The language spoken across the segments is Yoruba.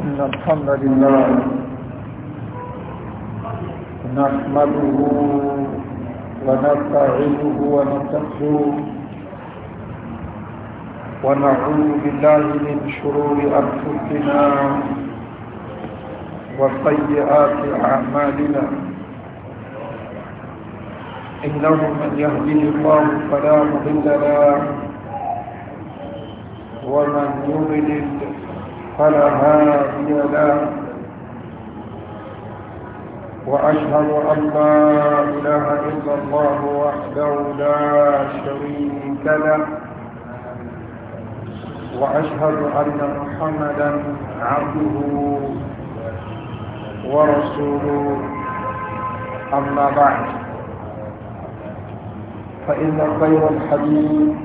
إن الحمد لله نحمده ونستعينه ونستغفره ونعوذ بالله من شرور أنفسنا وسيئات أعمالنا إنه من يهدي الله فلا مضل له ومن يضلل فلا هادي له وأشهد أن لا إله إلا الله وحده لا شريك له وأشهد أن محمدا عبده ورسوله أما بعد فإن خير الحديث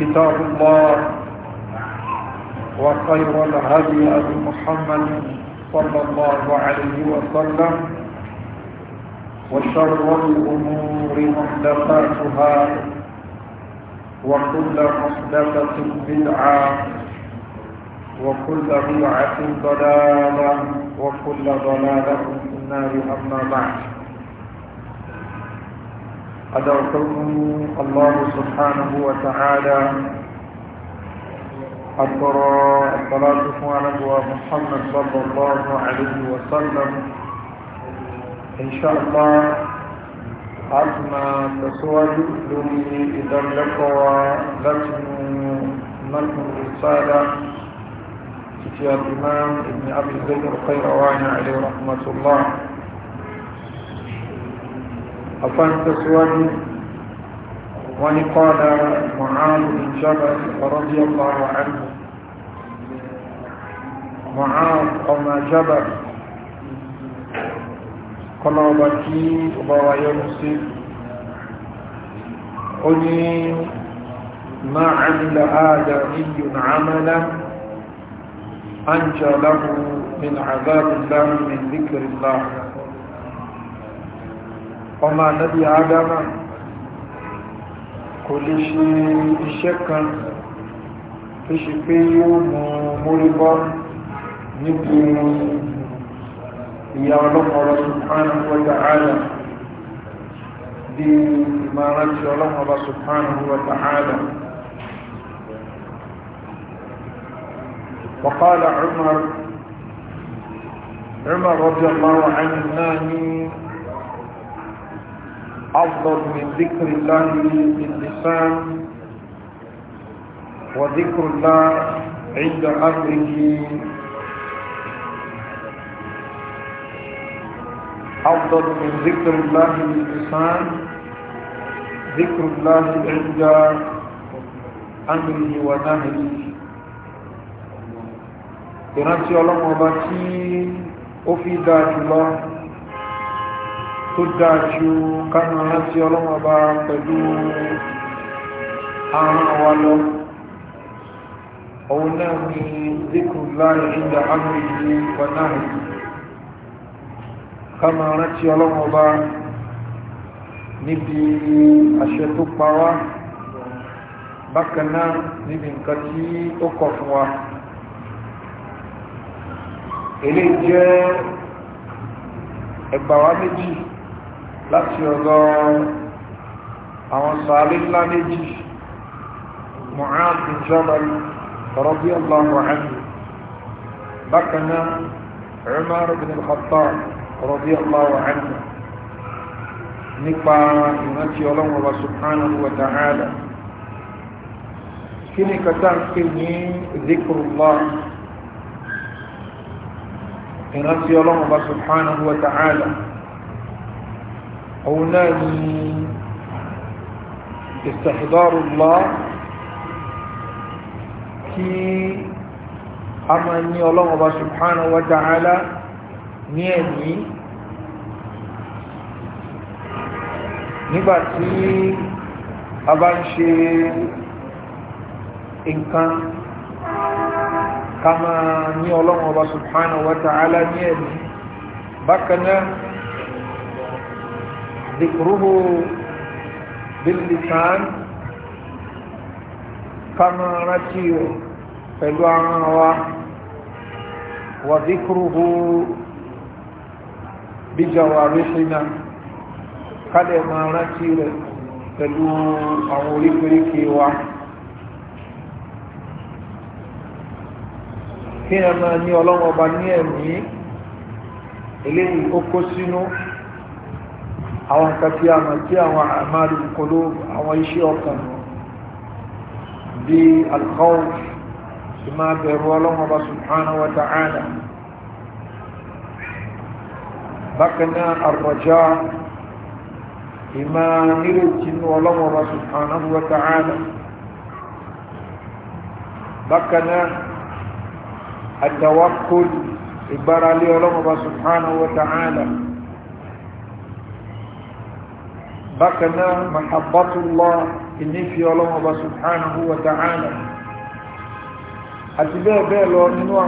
كتاب الله وخير الهدي أبي محمد صلى الله عليه وسلم وشر الأمور محدثاتها وكل محدثة بدعة وكل بدعة ضلالة وكل ضلالة في النار أما بعد أدعوكم الله سبحانه وتعالى أكبر الصلاة على محمد صلى الله عليه وسلم إن شاء الله عظم تسود لمي إذا لقوا لجن نجم الرسالة في الإمام ابن أبي زيد القيرواني عليه رحمة الله أفان تسود ولقال معاذ بن جبل رضي الله عنه معاذ أما جبل قلوبتي وبويرسي قلي ما عمل آدمي عملا أنجى له من عذاب الله من ذكر الله وما نبي آدم kò lè ṣe iṣẹ́ kan tó ṣe pé yóò mú mórí bọ́ níbi ìyá ọlọ́mọ̀ọ́rọ̀ subhanahu wa ta'ala bí ìmọ̀rántí ọlọ́mọ̀ọ́rọ̀ subhanahu wa ta'ala وقال عمر عمر رضي الله عنه أفضل من ذكر الله باللسان وذكر الله عند أمره أفضل من ذكر الله باللسان ذكر الله عند أمره ونهره ìrántí ọlọ́mọba tí ó fi dáa jùlọ tó dáa ju kánà rántí ọlọ́mọba pẹ̀lú àrùn wa lọ òun náà ni díkù láì ìdá àmìlì wà náà kánà rántí ọlọ́mọba níbi àṣẹ tó pa wá bákan náà níbi nǹkan tí ó kọ̀ fún wa eléyìí jẹ́ ẹgbàá méjì láti ọ̀dọ̀ àwọn sàárì ńlá méjì Mu'adh bin Jabal radiyallahu anhu bákanáà Umar bin al-Khattab radiyallahu anhu nípa ìrántí ọlọ́run wa subhanahu wa ta'ala kí ni kàtà ń pè ọlọ́run wa subhanahu wa ta'ala òun náà ni istihdārullah kí a máa ní ọlọ́run ọba subhanahu wa ta'ala ní ẹ̀mí nígbàtí a bá ń ṣe nǹkan ká máa ní ọlọ́run ọba subhanahu wa ta'ala ní ẹ̀mí bákan náà ذكره باللسان كما رتيه فلعنوا وذكره بجوارحنا كما رتيه pẹ̀lú àwọn oríkèríkè wa kí ẹ máa ní ọlọ́wọ́ ọba ní ẹ̀mí eléyìí ó kó sínú àwọn nǹkan tí a mọ̀ tí àwọn àmàlù kòló àwọn iṣẹ́ ọkàn bí alkhawf tí máa bẹ̀rù ọlọ́mọba subhanahu wa ta'ala bákan náà àrọ̀já ìmá nírètí ní ọlọ́mọba subhanahu wa ta'ala bákan náà àtàwákòlù ìgbáralé ọlọ́mọba subhanahu wa ta'ala بقنا محبة الله إني في الله سبحانه وتعالى أتبع بيلو ننوع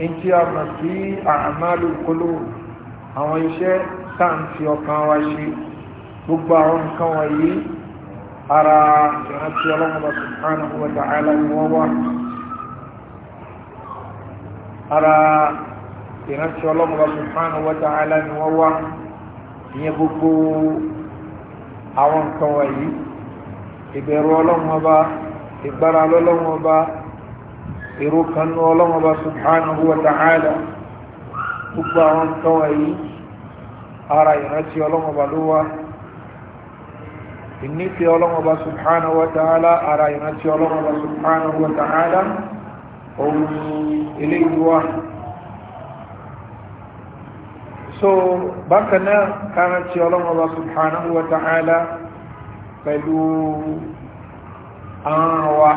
انتي أمسي أعمال القلوب أو إشاء تنفي وكاوشي gbogbo àwọn nǹkan wọ̀nyí ara ìrántí ọlọ́mọba subhanahu wa ta'ala ni wọ́n wá ara ìrántí ọlọ́mọba subhanahu wa ta'ala ni wọ́n wá ìyẹn gbogbo àwọn nǹkan wọ̀nyí ìbẹ̀rù ọlọ́run ọba ìgbára lọ́lọ́run ọba èrò kanú ọlọ́run ọba subhanahu wa ta'ala gbogbo àwọn nǹkan wọ̀nyí ara ìrántí ọlọ́run ọba ló wá ìnífẹ́ ọlọ́run ọba subhanahu wa ta'ala ara ìrántí ọlọ́run ọba subhanahu wa ta'ala òun eléyìí wá so bákan náà kára tí ọlọ́run ọba subhanahu wa ta'ala pẹ̀lú àwọn wa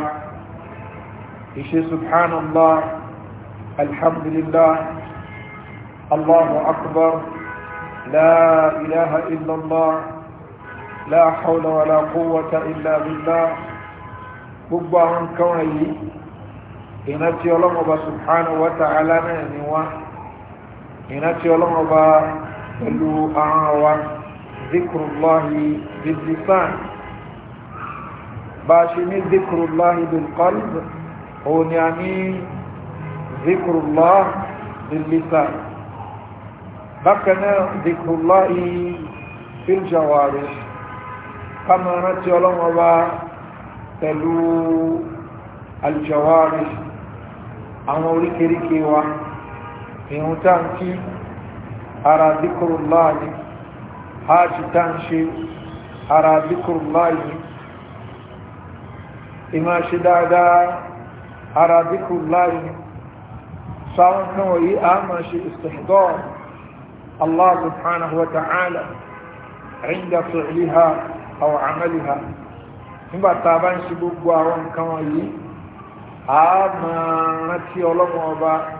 ìṣe subhanallah alhamdulillah allahu akbar la ilaha illallah la hawla wa la quwwata illa billah gbogbo àwọn kan yìí ìrántí ọlọ́run ọba subhanahu wa ta'ala náà ni wọ́n ìrántí ọlọ́run ọba pẹ̀lú ahọ́n wa zikrullahi bilisan bá a ṣe ní zikrullahi bilqalb òun ni a ní zikrullah bilisan bákan náà zikrullahi filjawari kama ìrántí ọlọ́run ọba pẹ̀lú aljawari àwọn oríkèéríkèé wa. ìhun tá ń kí ara dhikrullah ni hajj tá ń ṣe ara dhikrullah ni ìmá ṣe dáadáa ara dhikrullah ni sáwọn kan wọ̀nyí a máa ṣe istihdar Allah subhanahu wa ta'ala inda fi'liha aw 'amaliha nígbà tá a bá ń ṣe gbogbo àwọn nǹkan wọ̀nyí a máa rántí ọlọ́mọ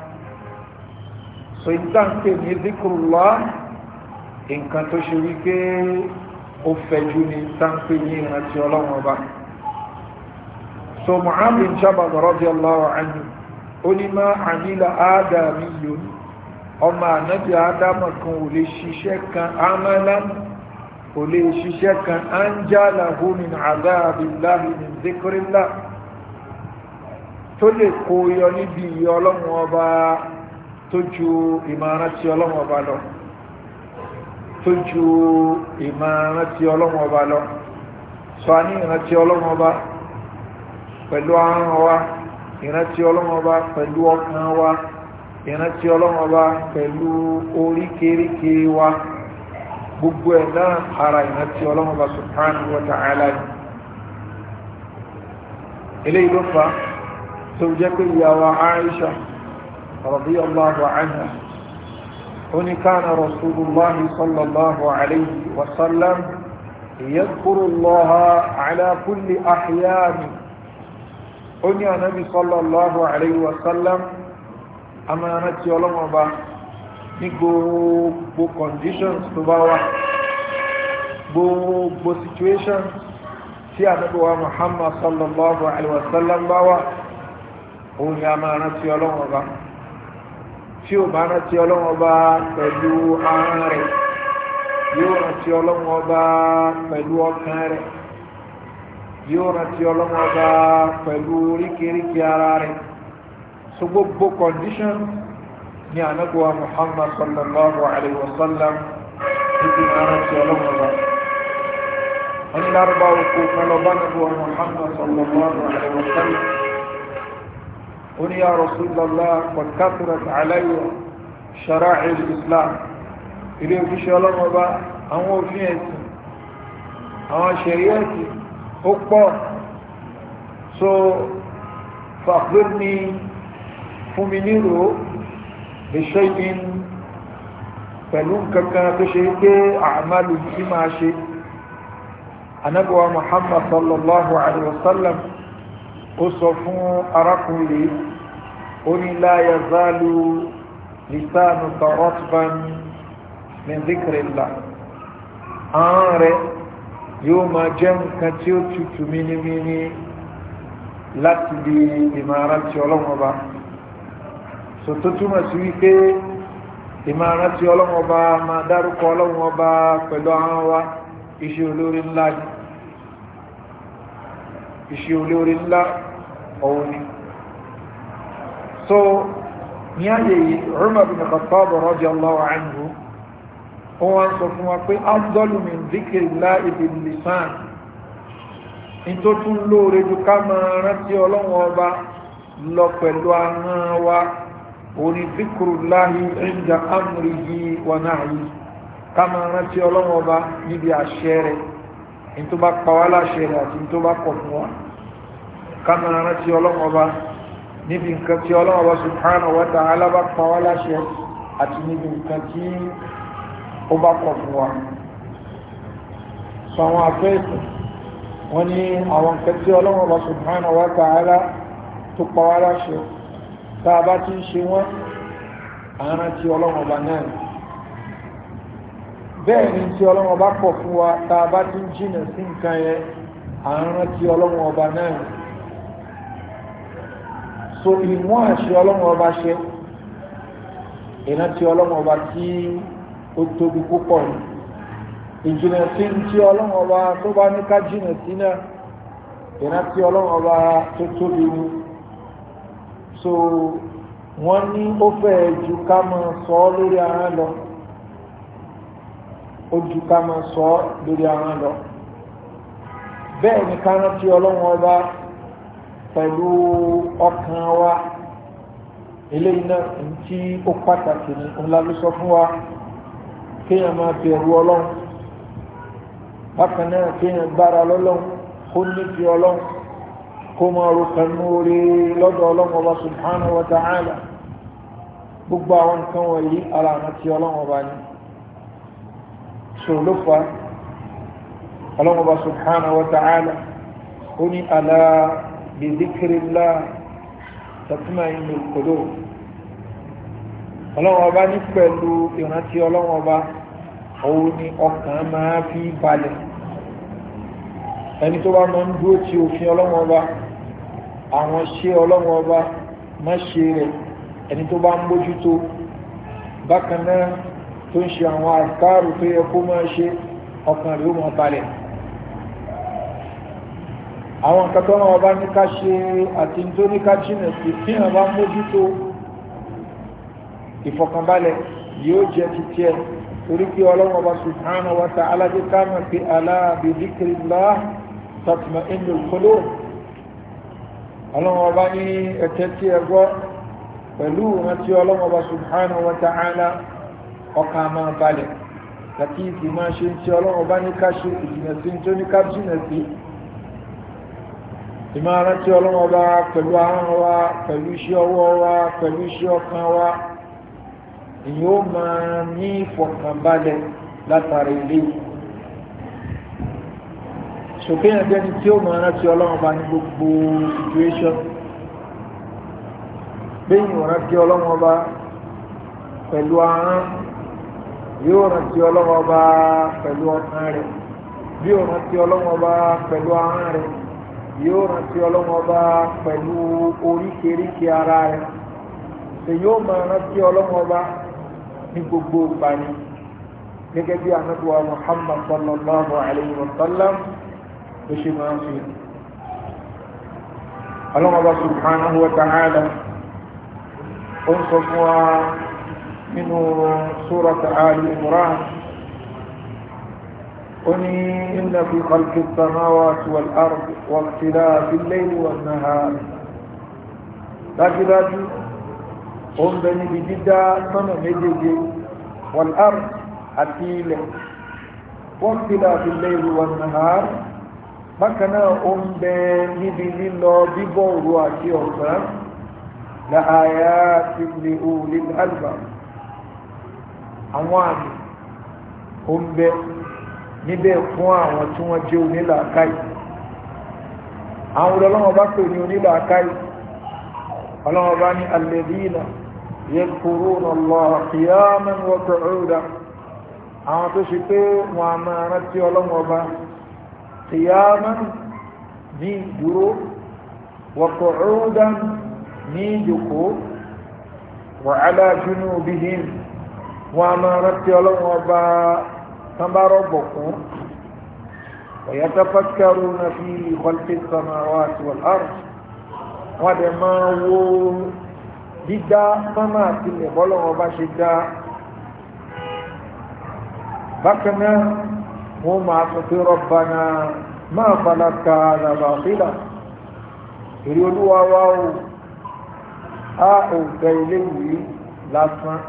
so ìtànkè ní zikrullah nǹkan tó ṣe wípé ó fẹ̀jú ní ìtànkè ní ìrántí ọlọ́run ọba so Mu'adh bin Jabal radiyallahu anhu ó ní má àmìlà ádámì yòó ọmọ ànábì ádámà kan ò lè ṣiṣẹ́ kan amalan kò lè ṣiṣẹ́ kan anjala min azabillahi min zikrillah tó lè kó yọ níbi ìyọ ọlọ́run ọba tó ju ìmọ̀ràn tí ọlọ́wọ́n ọba lọ tó ju ìmọ̀ràn tí ọlọ́wọ́n ọba lọ sọ ní ìrántí ọlọ́wọ́n ọba pẹ̀lú ahọ́n wa ìrántí ọlọ́wọ́n ọba pẹ̀lú ọkàn wa ìrántí ọlọ́wọ́n ọba pẹ̀lú oríkèéríkè wa gbogbo ẹ̀ náà ara ìrántí ọlọ́wọ́n ọba subhanahu wa ta'ala eléyìí ló fa tó jẹ́ pé ìyàwó Aisha رضي الله عنه هن كان رسول الله صلى الله عليه وسلم يذكر الله على كل أحيان هن نبي صلى الله عليه وسلم أما نتي ولمبا نقول conditions تباوة gbogbo situation tí àdúgbòwà muhammad sallallahu alaihi wasallam bá wà òun ni a máa rántí tí ó bá rántí ọlọ́run ọba pẹ̀lú ahọ́n rẹ̀ yóò rántí ọlọ́run ọba pẹ̀lú ọkàn rẹ̀ yóò rántí ọlọ́run ọba pẹ̀lú oríkèéríkè ara rẹ̀ so gbogbo condition ni anagba muhammad sallallahu Alaihi Wasallam. sallam títí máa rántí ọlọ́run ọba wọn ni lárúbáwò kó kan bá anagba muhammad sallallahu Alaihi Wasallam. قل يا رسول الله قد كثرت علي شرائع الإسلام ilé òfíṣẹ́ ọlọ́run ọba àwọn òfin ẹ̀sìn àwọn ṣẹ̀ríà ẹ̀sìn ó pọ̀ so fàgbé ní fún mi nílò iṣẹ́ ìdín pẹ̀lú kankan tó ṣe pé àmàlù tí máa ṣe anábọ̀wá muhammad sallallahu alaihi wasallam ó sọ fún arákùnrin ó ní láyà záàlú lisanu karotban mendikirila àwọn rẹ̀ yóò máa jẹ́ nǹkan tí ó tutù mímímí láti di ìmọ̀ràn tí ọlọ́wọ́ bá so tó túmọ̀ sí wípé ìmọ̀ràn tí ọlọ́wọ́ máa dárúkọ ọlọ́wọ́ pẹ̀lú àwọn wa iṣẹ́ olórí ńlá yìí iṣẹ́ olóore ńlá ọ̀hún ni so ní ayé yìí Umar bin Khattab radiyallahu anhu wọ́n sọ fún wa pé afdalu min dhikrillahi lisan ní tó tún lóore ju ká máa rántí ọlọ́wọ́n ọba lọ pẹ̀lú ahọ́n wa òní dhikrullahi inda wa nahyi ká máa rántí ọlọ́wọ́n ọba níbi àṣẹ rẹ̀ In tó bá pa wá láṣẹ rẹ̀ àti ní tó bá kọ̀ fún wa ká máa rántí ọlọ́run ọba níbi nǹkan tí ọlọ́run ọba subhanahu wa ta'ala bá pa wá láṣẹ àti níbi nǹkan tí ó bá kọ̀ fún wa sọ àwọn afẹ́ wọ́n ní àwọn nǹkan tí ọlọ́run ọba subhanahu wa ta'ala tó pa wá láṣẹ tá a bá ti ń ṣe wọ́n àrántí ọlọ́run ọba náà bẹ́ẹ̀ ni tí ọlọ́wọ́ bá pọ̀ fún wa tá a bá ti ń jìnà sí nǹkan yẹn à ń rántí ọlọ́wọ́ ọba náà so ìmú àṣẹ ọlọ́wọ́ ọba ṣe ìrántí ọlọ́wọ́ ọba tí ó tóbi púpọ̀ ni ìjìnà sí tí ọlọ́wọ́ ọba tó bá ní ká jìnà sí náà ìrántí ọlọ́wọ́ ọba tó tóbi ni so wọ́n ní ó fẹ́ ju ká mọ̀ sọ lórí ara lọ ojú ká máa sọ ọ́ lórí àwọn lọ bẹ́ẹ̀ ni ká rántí ọlọ́run ọba pẹ̀lú ọkàn wa eléyìí náà ń tí ó pàtàkì ní ńlá ló sọ fún wa kéèyàn máa bẹ̀rù ọlọ́run bákan náà kéèyàn gbára lọ́lọ́run kó níbi ọlọ́run kó máa ro kanú orí lọ́dọ̀ ọlọ́run ọba subhanahu wa ta'ala gbogbo àwọn nǹkan wọ̀nyí ara àti ọlọ́run ọba ni so ló fa ọlọ́mọba subhanahu wa ta'ala ó ní alá bi dhikrillah tatma'innul qulub ọlọ́mọba ní pẹ̀lú ìrántí ọlọ́mọba òun ni ọkàn máa fi balẹ̀ ẹni tó bá máa ń dúró ti òfin ọlọ́mọba àwọn ṣe ọlọ́mọba má ṣe rẹ̀ ẹni tó bá ń bójútó bákan náà tó ń ṣe àwọn àkárù tó yẹ kó máa ṣe ọkàn rẹ̀ ó balẹ̀ àwọn nǹkan tó wọn bá ní ká ṣe àti tó ní ká jìnà sí tí wọn bá mójútó ìfọkànbalẹ̀ yóò jẹ ti tiẹ̀ torí pé ọlọ́run ọba subhanahu wa ta'ala jẹ́ ká mọ̀ pé ala bi dhikrillah tatma'innul qulub ọlọ́run ọba ní ẹ̀tẹ́ tí ẹ gbọ́ pẹ̀lú ìrántí ọlọ́run ọba subhanahu wa ta'ala ọkàn máa balẹ̀ láti ìfì máa ṣe ń tí ọlọ́run bá ní ká ṣe ìjìnà sí tó ní ká jìnà sí ìmára tí ọlọ́run bá pẹ̀lú ahọ́n wa pẹ̀lú iṣẹ́ ọwọ́ wa pẹ̀lú iṣẹ́ ọkàn wa èyí ó máa ní ìfọ̀kànbalẹ̀ látàrí ilé ṣòkè yẹn bí ẹni tí ó máa rántí ọlọ́run bá ní gbogbo situation bẹ́yìn ọ̀rántí ọlọ́run bá pẹ̀lú ahọ́n yóò rántí ọlọ́wọ́ bá pẹ̀lú ọkàn rẹ̀ bí ó rántí ọlọ́wọ́ bá pẹ̀lú ahọ́n rẹ̀ yóò rántí ọlọ́wọ́ bá pẹ̀lú oríkèéríkèé ara rẹ̀ ṣe yóò máa rántí ọlọ́wọ́ bá ní gbogbo ìpàdé gẹ́gẹ́ bí anabuwa muhammad sallallahu alayhi wa sallam ló ṣe máa ń fi ọlọ́wọ́ bá subhanahu wa ta'ala ó ń sọ fún wa nínú sórata Ali Imran ó ní inna fi khalqi samawati wal ardi wa ikhtilafi al-layli wan nahar dájúdájú ó ń bẹ níbi dídá sánà méjèèjì wal ardi àti ilẹ̀ wa ikhtilafi al-layli wan nahar bákan ó ń bẹ níbi lílọ bíbọ̀ òru àti ọ̀sán la ayatin li ulil albab àwọn àmì ó ń bẹ níbẹ̀ fún àwọn tí wọ́n jẹ́ onílàákàyè àwọn olólọ́wọ́ bá pè ní onílàákàyè ọlọ́wọ́ bá ní alẹ́dínà yadhkuruna Allaha qiyaman wa qu'udan àwọn tó ṣe pé wọn a máa rántí ọlọ́wọ́ bá qiyaman ní ìdúró wa wọn a máa rántí ọlọ́wọ́n ọba tábàárọ̀ bọ̀ fún ọ̀yàtàfàkàrù náà fi ìkọlẹ́tẹ̀ sọmọ àwọn àti wọ̀lárùn wọn dẹ̀ máa wo dídá sọ́nà àti ìbọ́lọ́wọ́n ọba ṣe dá bákan náà wọn máa sọ pé rọ́bà náà máa falaka àdàbàfílà èrè olúwa wa ó a ò gẹ ilé yìí lásán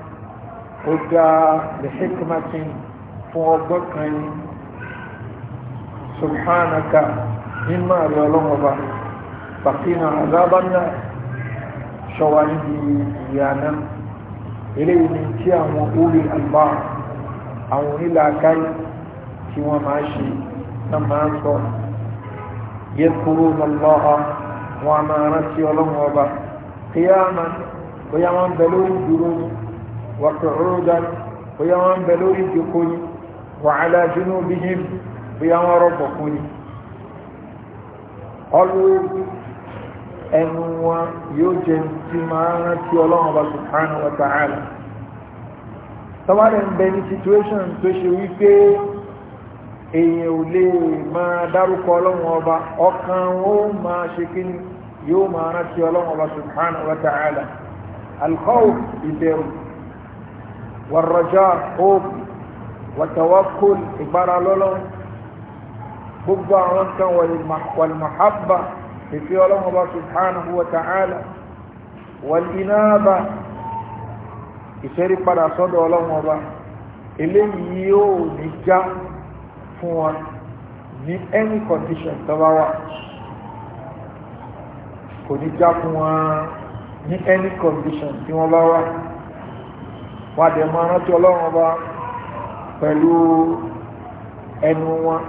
ó dá lẹ́sẹ̀kìmákin fún ọgbọ́n kan yìí subhanaka mímọ́ àrẹ ọlọ́mọba bàkínà azábánà ṣọwa níbi ìyànà eléyìí ni tí àwọn orí àgbà àwọn onílàákàyè tí wọ́n máa ṣe náà máa sọ يذكرون الله وما نسي الله قياما قياما بلوم جلوم وقعودا ويوان بلوري جكوني وعلى جنوبهم ويوان ربكوني قالوا أنوا يوجد سمانا في الله سبحانه وتعالى tọ́wọ́ rẹ̀ situation tó ṣe wípé èèyàn ò lè máa dárúkọ ọlọ́run ọba ọkàn ó máa ṣe kí ni yóò máa rántí ọlọ́run ọba subhanahu wa ta'ala alkhawf ìbẹ̀rù wàrọ̀jọ́ hope wàtàwákùl ìgbára lọ́lọ́ gbogbo àwọn kan wàlmàhábà ìfi ọlọ́run bá subhanahu wa ta'ala wàlínáàbà ìṣẹ́rí padà sọ́dọ̀ ọlọ́run ọba eléyìí yóò ní já fún wa ní any condition tó bá wà kò ní já fún wa ní any condition tí wọ́n bá wà wà dẹ̀ máa rántí ọlọ́run ọba pẹ̀lú ẹnu wọn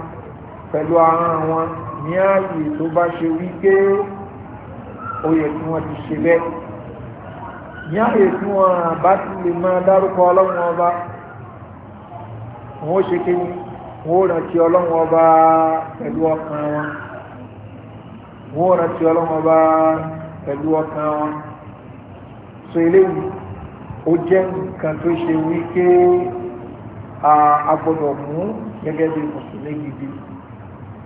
pẹ̀lú ahọ́n wọn ní ààyè tó bá ṣe wípé ó yẹ kí wọ́n ti ṣe bẹ́ẹ̀ ní ààyè tí wọ́n bá ti lè máa dárúkọ ọlọ́run ọba wọ́n ó ṣe kéwì wọ́n ó rántí ọlọ́run ọba pẹ̀lú ọkàn wọn wọ́n ó rántí ọlọ́run ọba pẹ̀lú ọkàn wọn so eléyìí ó jẹ́ nǹkan tó ṣe wípé a gbọ́dọ̀ mú gẹ́gẹ́ bí mùsùlùmí gidi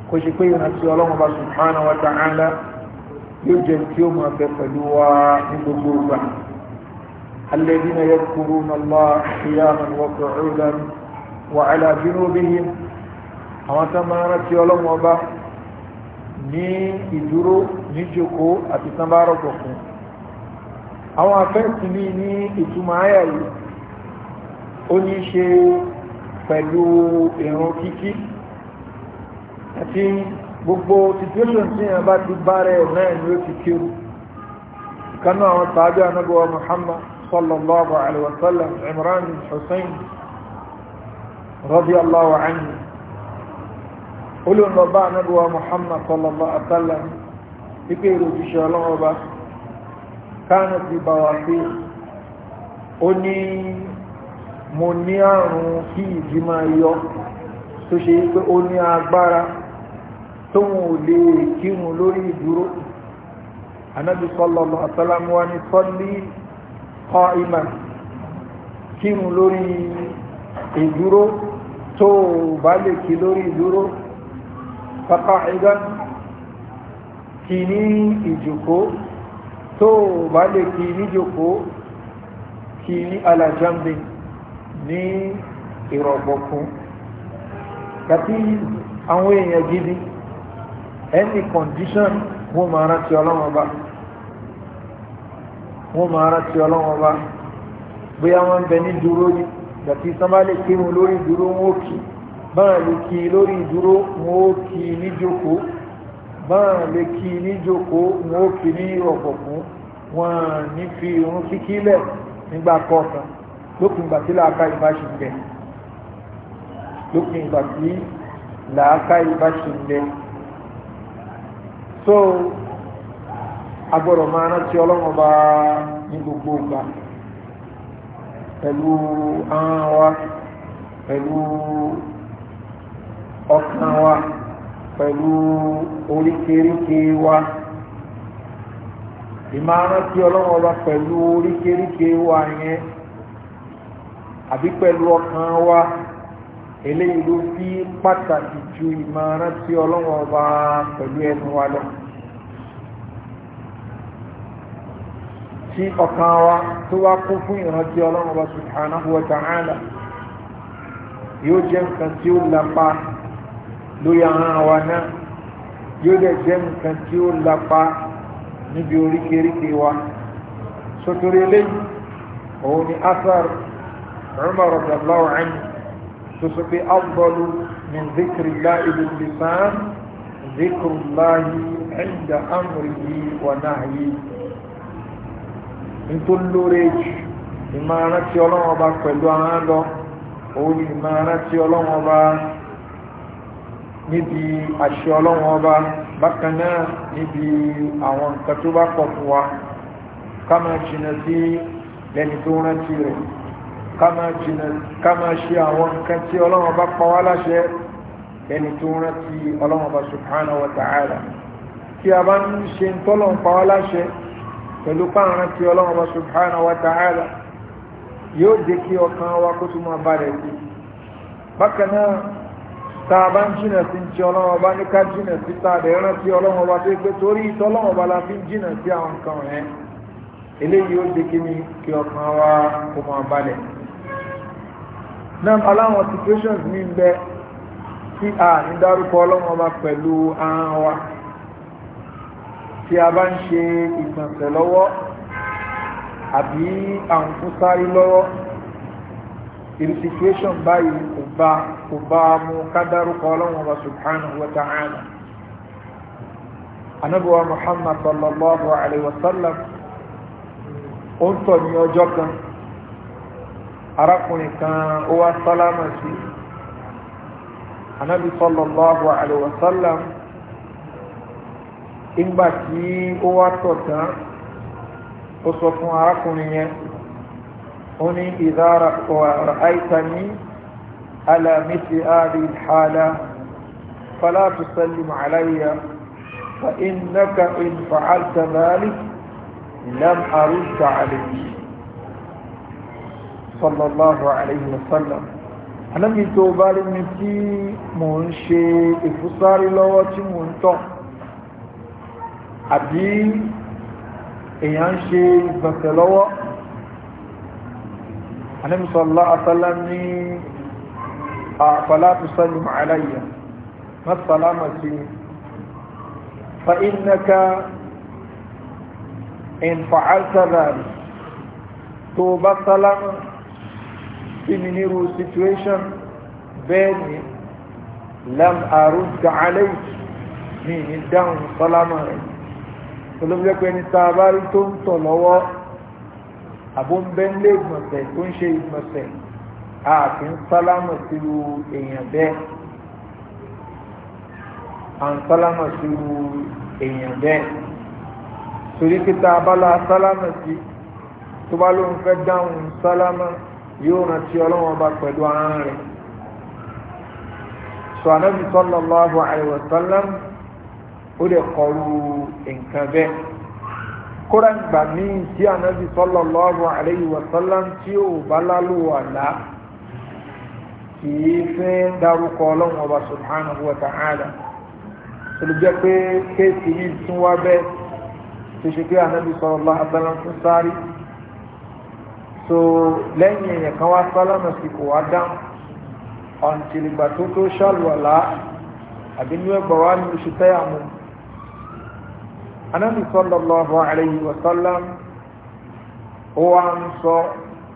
kò ṣe pé ìrántí ọlọ́run bá subhanahu wa ta'ala yóò jẹ́ tí ó máa bẹ pẹ̀lú wa ní gbogbo ìgbà alladhina yadhkuruna Allaha qiyaman wa qu'udan wa 'ala junubihim àwọn tó máa rántí ọlọ́run ọba ní ìdúró níjókòó àti tán bá rọ̀gbọ̀kùn àwọn afẹ́sì mi ní ìtumọ̀ àyà yìí ó ní ṣe pẹ̀lú ìrun kíkí àti gbogbo situation tí a bá ti bá rẹ̀ náà ni ó ti kírù kanú àwọn tàbí anábọ̀wà muhammad sallallahu alaihi wasallam imran hussein radiyallahu anhu olóńgbà bá muhammad sallallahu alaihi wasallam ipe ìròjìṣẹ́ ọlọ́wọ́ bá kánú ti bá wa pé ó ní mo ní àrùn kí ìdí máa yọ tó ṣe pé ó ní agbára tóun ò lè kírun lórí ìdúró anábì sallallahu alaihi wasallam wa ní sọ́lí qa'iman kírun lórí ìdúró tó bá lè kí lórí ìdúró faqa'idan kì ní ìjòkó tó bá lè kí níjòkó kí ní alàjámbé ní ìrọ̀gbọ̀kún kàtí àwọn èèyàn gidi any condition wọ́n máa rántí ọlọ́wọ́n bá wọ́n máa rántí ọlọ́wọ́n bá bóyá wọ́n ń bẹ ní dúró ní gàtí sánbà lè kí wọn lórí dúró wọn ó báyìí kí lórí dúró wọn ó ní jókòó máa lè kí níjókòó wọn ó kì ní ọ̀pọ̀kún wọn ní fi irun kíkí lẹ̀ nígbà kọ̀ọ̀kan lópin ìgbà tí làákà ìbá ṣì ń bẹ lópin ìgbà tí làákà ìbá ń bẹ so agbọ́dọ̀ máa rántí ọlọ́run bá ní gbogbo ìgbà pẹ̀lú ahọ́n wa pẹ̀lú ọkàn wa. pẹ̀lú oríkèríkè wa ìmọ̀ràn tí ọlọ́wọ́ bá pẹ̀lú oríkèríkè wa yẹn àbí pẹ̀lú ọkàn wa eléyìí ló fi pàtàkì ju ìmọ̀ràn tí ọlọ́wọ́ bá pẹ̀lú ẹnu wa lọ. tí ọkàn wa tó wá kún fún ìrántí yóò jẹ́ lórí ahọ́n wa náà yóò dẹ̀ jẹ́ nǹkan tí ó lapa níbi oríkèéríkèé wa sotori eléyìí òun ni asar Umar radiyallahu anhu tó sọ pé afdalu min dhikrillahi bil lisan dhikrullahi inda amrihi wa nahyihi nítorí lóore jù ìmọ̀ arántí ọlọ́wọ́n ọba pẹ̀lú ahọ́n lọ òun ni ìmọ̀ arántí ọlọ́wọ́n ọba níbi àṣẹ ọlọ́run ọba bákan náà níbi àwọn nǹkan tó bá pọ̀ fún wa ká máa jìnà sí lẹ́ni tó rántí rẹ̀ ká máa ṣe àwọn nǹkan tí ọlọ́run ọba pa wá láṣẹ lẹ́ni tó rántí ọlọ́run ọba subhanahu wa ta'ala tí a bá ń ṣe ń tọ́lọ̀ ń pa wá láṣẹ pẹ̀lú páàrán tí ọlọ́run ọba subhanahu wa ta'ala yóò jẹ́ kí ọkàn wa kó tún máa balẹ̀ sí bákan náà tá a bá ń jìnà sí ti ọlọ́run ọba ní ká jìnà sí tá a dẹ̀ rántí ọlọ́run ọba tó pé torí ìtọ́lọ́run ọba la fi ń jìnà sí àwọn nǹkan rẹ̀ eléyìí ó jẹ́ kí ni kí ọkàn wa kó máa balẹ̀ náà aláwọn situations mi ń bẹ tí a ní dárúkọ ọlọ́run ọba pẹ̀lú ahọ́n wa tí a bá ń ṣe ìgbọ̀nsẹ̀ lọ́wọ́ àbí à lọ́wọ́ irú báyìí bá kò bá mú kádárúkọ ọlọ́run ọba subhanahu wa ta'ala anabuwa muhammad sallallahu alaihi wasallam ó ń tọ̀ ní ọjọ́ kan arákùnrin kan ó wá sálámà sí anabi sallallahu alaihi wasallam ìgbà tí ó wá tọ̀ tán ó sọ fún arákùnrin yẹn ó ní ìdára ọ̀rọ̀ àìsàn yìí على مثل هذه الحالة فلا تسلم علي فإنك إن فعلت ذلك لم أرد عليك صلى الله عليه وسلم Ànábì tó bá rí mi tí mò ń ṣe ìfúsárí lọ́wọ́ tí mò ń tọ̀ àbí èèyàn ń ṣe ìgbọ̀nsẹ̀ lọ́wọ́ Ànábì sallallahu alaihi wasallam ní فلا تسلم علي ما السلامة فإنك إن فعلت ذلك توبة سلامة تمنيرو situation بيني لم أرد عليك من الدم سلامة tolóbi jẹ́ pé ẹni tá a bá rí tó ń tọ̀ lọ́wọ́ àbó ń bẹ́ ń lé ìgbọ̀nsẹ̀ tó ń ṣe ìgbọ̀nsẹ̀ àti ń sálámù síru èèyàn bẹ́ẹ̀ à ń sálámù síru èèyàn bẹ́ẹ̀ torí kíta abala sálámù sí tó bá ló ń fẹ́ dáhùn sálámù yóò rántí ọlọ́wọ́n bá pẹ̀lú ara rẹ̀ sọ anábì sallallahu alaihi wasallam ó lè kọlu nǹkan bẹ́ẹ̀ kóra gbà míì tí anábì sallallahu alaihi wasallam tí ó bá lálò wà kì í fẹ́ dárúkọ ọlọ́run ọba subhanahu wa ta'ala olùjẹ́ pé kéèkì yìí tún wá bẹ́ẹ̀ tó ṣe pé ànábì sallallahu alaihi wasallam tún sáré so lẹ́yìn èèyàn kan wá sálámà sí kò wá dáhùn ọ̀nìtìlìgbà tó tó ṣàlùwàlá àbí ní ẹgbà wá ní oṣù tẹ́yàmù anábì sallallahu alaihi wasallam ó wá ń sọ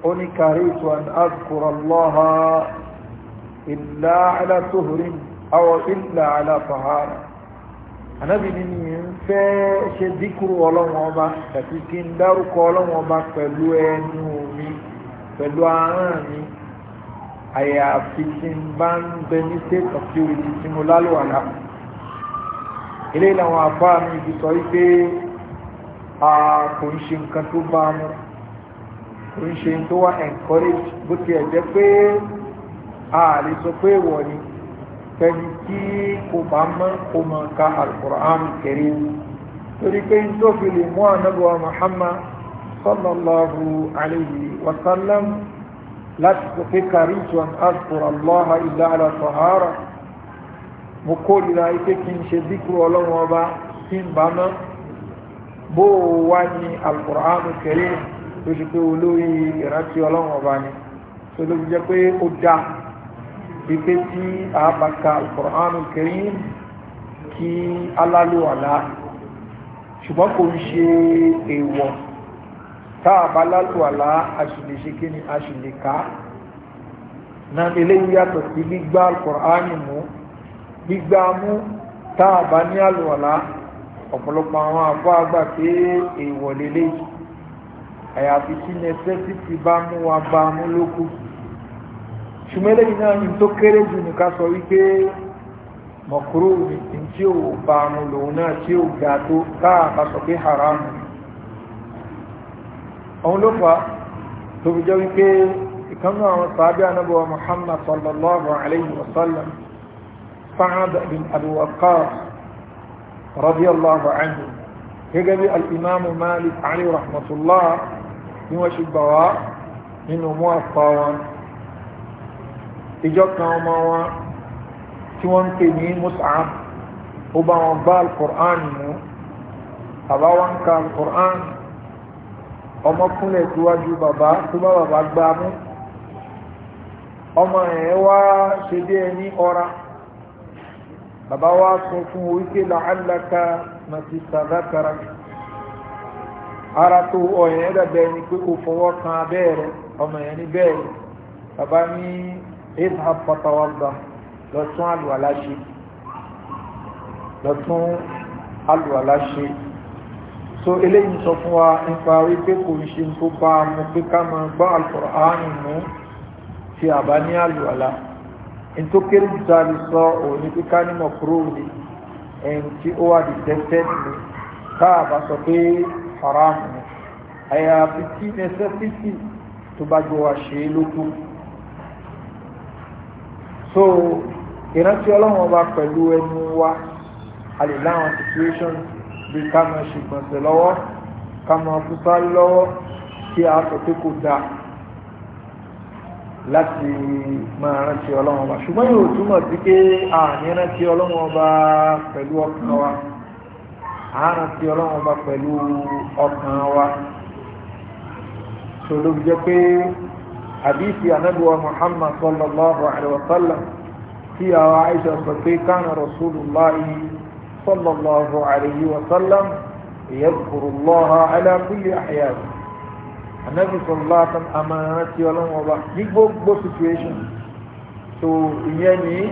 ó ní kàrí ìtò ìlà alátòhùrín àwọ̀ ìlà alátòhárà anábì ní mi ń fẹ́ ṣe díkùrù ọlọ́run ọba tàbí kí n dárúkọ ọlọ́run ọba pẹ̀lú ẹnu mi pẹ̀lú ahọ́n mi àyàfi tí n bá ń bẹ ní state of purity tí mo lálùwàlá ilé ìlànà àfáà mi ti sọ wípé a kò ń ṣe nǹkan tó bá mu kò ń ṣe tó wá encourage bó ti ẹ̀ jẹ́ pé a lè sọ pé wọ̀ ni pẹ̀lú tí kò bá mọ́ kó mọ ka alukur'an kẹrì torí pé n tó fi lè mú anabuwa muhammad sallallahu alayhi wa sallam láti sọ pé kárí tuwọ́n asukura allah ilá ala sahara mo kórìíra ike kí n ṣe díkùrú ọlọ́run ọba tí n bá mọ́ bó o wá ní alukur'an kẹrì tó ṣe pé olórí ìrántí ọlọ́run ọba ni tó ló fi jẹ́ pé ó dáa wípé tí a bá ka alkùránù karim kí alálùwàlá ṣùgbọ́n kò ń ṣe èèwọ̀ tá a bá lálùwàlá aṣìlèṣe kí ni aṣìlèká na eléyìí yàtọ̀ sí gbígbá alkùránù mú gbígbá mú tá a bá ní alùwàlá ọ̀pọ̀lọpọ̀ àwọn àbọ̀ àgbà pé èèwọ̀ lélẹ́yìí àyàfi tí necessity bá mú wa bá mú lókùn ṣùgbẹ́lẹ̀ iná ní tó kéré jù ní ká sọ wípé mọ̀kúrò ní tí ó bá mú lòun náà tí ó ga tó káàkà sọ pé haramu òun ló fa tó fi jẹ́ wípé ìkanú àwọn sàábí anábọ̀wà muhammad sallallahu alayhi wa sallam sa'ad bin abuwakar radiyallahu anhu gẹ́gẹ́ bí al'imamu malik alayhi rahmatullah ni wọ́n ṣe gbàwá nínú mú ìjọ kan ọmọ wọn tí wọ́n ń pè ní mus'ab ó bá wọn bá alukur'an mú bàbá wa ń ka alukur'an ọmọ kúnlẹ̀ síwájú bàbá tó bá bàbá gbá mú ọmọ ẹ̀ wá ṣe dé ẹni ọra bàbá wa sọ fún wípé làálàkà màtí sàdákàrà ara tó ọ̀yẹ̀ dàbẹ̀ ni pé kò fọwọ́ kan abẹ́ẹ̀rẹ̀ ọmọ ẹ̀ ní bẹ́ẹ̀rẹ̀ bàbá ní ishab fatawadda lọ tún àlùwàlá ṣe lọ tún àlùwàlá ṣe so eléyìí sọ fún wa nípa wípé kò ń ṣe tó bá mú pé ká máa gbọ́ alkùránì mú ti àbá ní àlùwàlá in tó kéré a lè sọ òun ní pé ká ní mọ̀kúrò ní ẹni tí ó wà ní tẹ́tẹ́ ní ká àbá sọ pé haram ni àyàfi tí necessity tó bá jọ wá ṣe é lókun so ìrántí ọlọ́run ọba pẹ̀lú ẹnu wa a lè láwọn situation bí ká máa ṣègbọ̀nsẹ̀ lọ́wọ́ ká máa fúsá lọ́wọ́ kí a sọ pé kò dáa láti máa rántí ọlọ́run ọba ṣùgbọ́n yóò túmọ̀ sí pé a ní rántí ọlọ́run ọba pẹ̀lú ọkàn wa a rántí ọlọ́run ọba pẹ̀lú ọkàn wa ṣòlóbi jẹ́ pé حديث نبوة محمد صلى الله عليه وسلم في عائشة صديق كان رسول الله صلى الله عليه وسلم يذكر الله على كل أحيانه النبي صلى الله عليه وسلم أمانتي ولم وضع نيبوك situation so يعني ni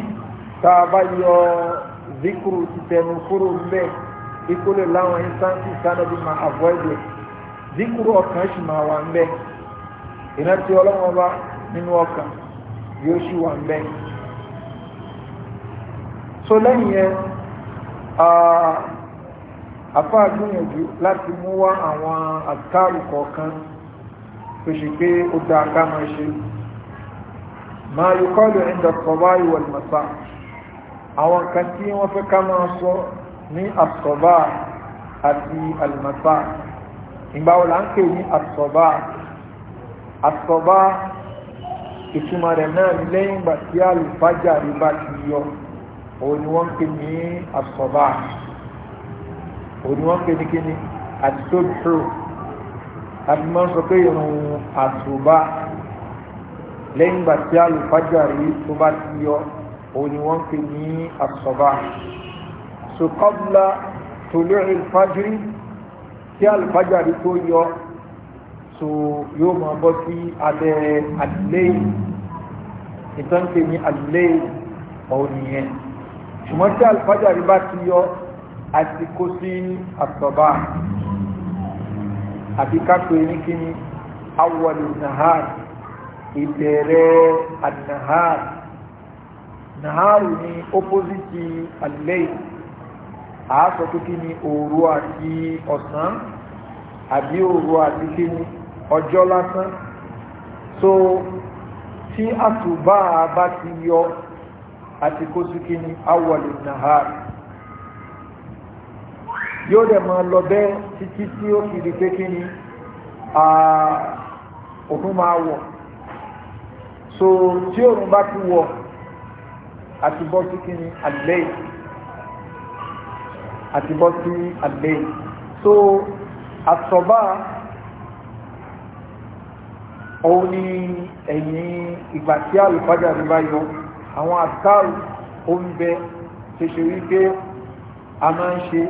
ذكر a bá yọ zikuru titẹnu kúrò بما ikú lè láwọn instances kánàbí ìrántí ọlọ́wọ́n bá nínú ọkàn yóò ṣì wà ń bẹ́ so lẹ́yìn yẹn apá gbìyànjú láti mú wá àwọn àtàrù kọ̀ọ̀kan tó ṣe pé ó da aká máa ṣe máa yóò kọ́lù ẹ̀ńdà sọ̀bá ìwọ̀n mọ̀sá àwọn kan tí wọ́n fẹ́ ká máa sọ ní àsọ̀bá àti àlùmọ̀sá ìgbà ń pè ní àsọ̀bá àsọ̀bá ìtumọ̀ rẹ̀ náà lẹ́yìn ìgbà tí àlùfájà rí bá ti yọ òun ni wọ́n ń pè ní àsọ̀bá òun ni wọ́n ń pè ní kíni àti tó dúró àti máa ń so qabla tulu'i al-fajri tí àlùfájà rí so yóò máa bọ́ sí abẹ́ àdìlẹ́yìn ìtọ́npé ní àdìlẹ́yìn ọ̀hún nìyẹn ṣùgbọ́n tí alifájàrí bá ti yọ àti kó sí àtọ̀bá àti kápẹ́ ní kíni awọlù nahar ìbẹ̀rẹ̀ àdìnahar nahar ní opposite àdìlẹ́yìn àásọ tó kíni òru àti ọ̀sán àbí òru àti kíni ọjọ́ lásán so tí àtúbà bá ti yọ àti kó síkí ní awọlẹ̀ nàá yóò dẹ̀ máa lọ bẹ́ẹ̀ títí tí ó fi di pé kí ni òun máa wọ̀ so tí òun bá ti wọ̀ àti bọ́ sí kí ni àlẹ́ àti bọ́ sí àlẹ́ so àtọ̀bà òun ni ẹ̀yìn ìgbà tí àlùfájà rí bá yọ àwọn àtàrù oúnjẹ ṣe ṣe wípé a máa ń ṣe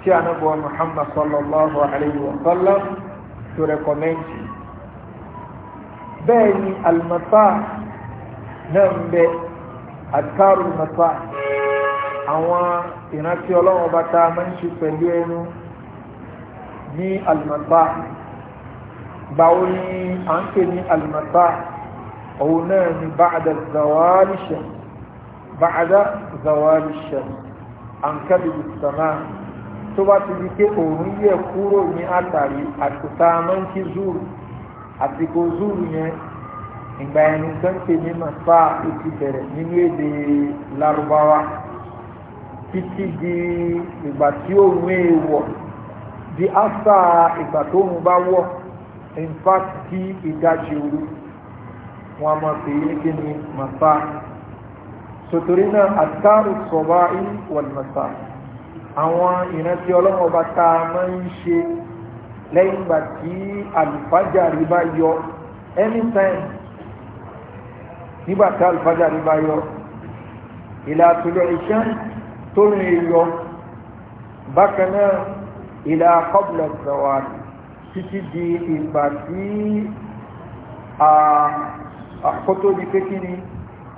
tí a náà bọ̀ muhammad sallallahu alayhi wa tó rẹ̀kọ̀mẹ́ǹtì bẹ́ẹ̀ ni almasa náà ń bẹ àtàrù masa àwọn ìrántí ọlọ́wọ́ bá ta máa ń ṣe pẹ̀lú ẹnu ní almasa báwo ni à ń pè ní alimasa òun náà ni báàdà zawali shams báàdà zawali shams àǹkàbí ìsàmà tó bá ti di pé òun yẹ kúrò ní àtàrí àtúntà mọ́ńkì zuru àsìkò zuru yẹn ìgbà ẹni tó ń pè ní masa ti bẹ̀rẹ̀ nínú èdè Lárúbáwá títí di ìgbà tí òun èèwọ̀ di áfà ìgbà tó ń bá wọ̀ in fact kí ìdajì òru wọn a máa pè é kí ni màsá sotori náà àtàrù sọ̀bá ìwọ̀n màsá àwọn ìrántí ọlọ́wọ́ tá a máa ń ṣe lẹ́yìn ìgbà tí àlùfájàrí bá yọ anytime nígbà tí àlùfájàrí bá yọ ìlà àtúlọ̀ ìṣẹ́ tó rìn èèyàn bákan náà ìlà kọ́bùlẹ̀ sọ̀wárì títí di ìgbà tí àkótó di pé kí ni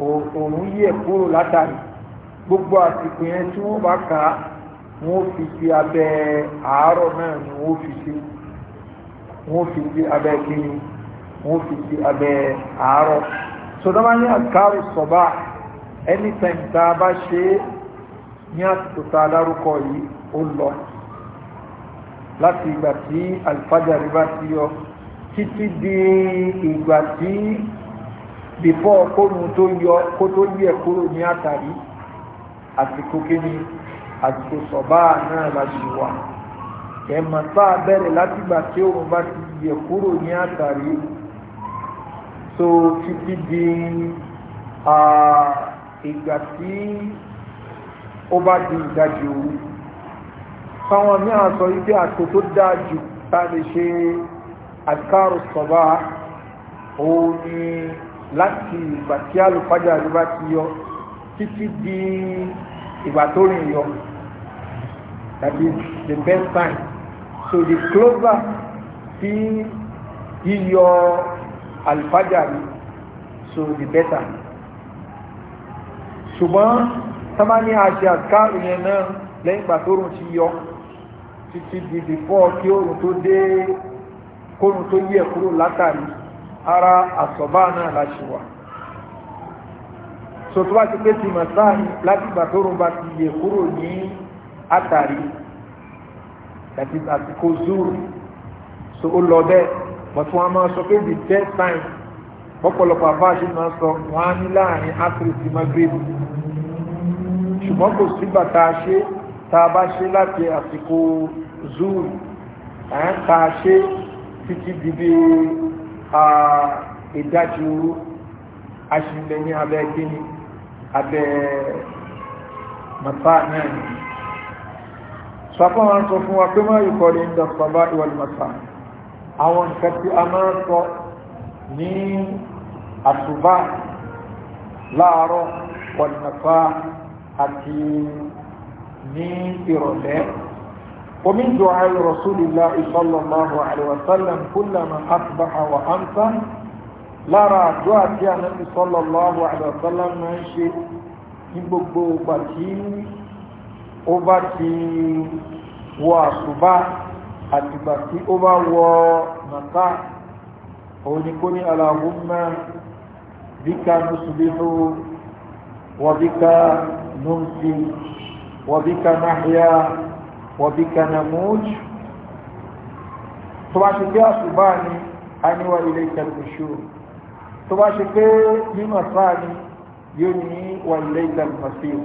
òun yí ẹ̀ kúrò látàrí gbogbo àsìkò yẹn tí wọ́n bá kà á wọ́n fi sí abẹ́ àárọ̀ náà ni wọ́n fi sí wọ́n fi sí abẹ́ kí ni wọ́n fi sí abẹ́ àárọ̀ sọdọ́mà ní àkárò sọ̀bà anytime tá a bá ṣe ní àsìkò tá a dárúkọ yìí ó lọ láti ìgbà tí alifájàrí bá ti yọ títí di ìgbà tí bìfọ́ kóòrùn tó yọ kó tó yẹ kúrò ní àtàrí àsìkò kíni àsìkò sọ̀bá náà láti wà ẹ̀mọ̀ tá a bẹ̀rẹ̀ láti ìgbà tí òun bá ti yẹ kúrò ní àtàrí tó títí di ìgbà tí ó bá di ìdajì òru fáwọn ní àwọn sọ wípé àtò tó dáa jù ta lè ṣe àkárò sọ̀bá òun ni láti ìgbà tí alùpàdé àdúrà ti yọ títí di ìgbà tó rìn yọ that the best time so the closer sí yíyọ alùpàdé àdúrà so the better ṣùgbọ́n sábà ní àṣẹ àkárò yẹn náà lẹ́yìn ìgbà tó rùn ti yọ títí di bìfọ́ kí oòrùn tó dé kóòrùn tó yẹ kúrò látàrí ara àsọ̀bá náà láti wà sọ̀tọ́ bá ti pé ti màsáàrí láti ìgbà tó rùn bá ti yẹ kúrò ní àtàrí àti àsìkò zuru so ó lọ bẹ́ẹ̀ but a máa sọ pé the best time ọ̀pọ̀lọpọ̀ àbáṣe máa sọ wọ́n á ní láàrin áfírí sí Maghrib ṣùgbọ́n kò sígbà tá ṣe tá a bá ṣe láti àsìkò zuri à ń ta ṣe títí di bí ìdájú orú aṣílẹ̀ ní abẹ́ gíní abẹ́ mọ̀tá náà ni sọ́pọ̀ wọn sọ fún wa pé mọ́ ìkọ̀rí ń dọ̀pọ̀ bá ìwọ̀lì mọ̀tá àwọn nǹkan tí a máa ń sọ ní àṣùbá láàárọ̀ wọ̀lì mọ̀tá àti ní ìrọ̀lẹ́ ومن دعاء رسول الله صلى الله عليه وسلم كلما أصبح وأمسى lára àdúrà tí a náà sallallahu alaihi wasallam máa ń ṣe ní gbogbo ọgbà tí ó bá ti wọ àṣùbá àtìgbà tí ó bá wọ nàtà òun ni kó ní Allahumma bíka nusbihu wa bíka numsi wa bíka nahya وبك نموت tó bá ṣe pé àṣùbá ni a níwà ilé ìtàlùmọ̀ṣù tó bá ṣe pé mímọ̀ sáà ni yóò ní wà ilé ìtàlùmọ̀ṣù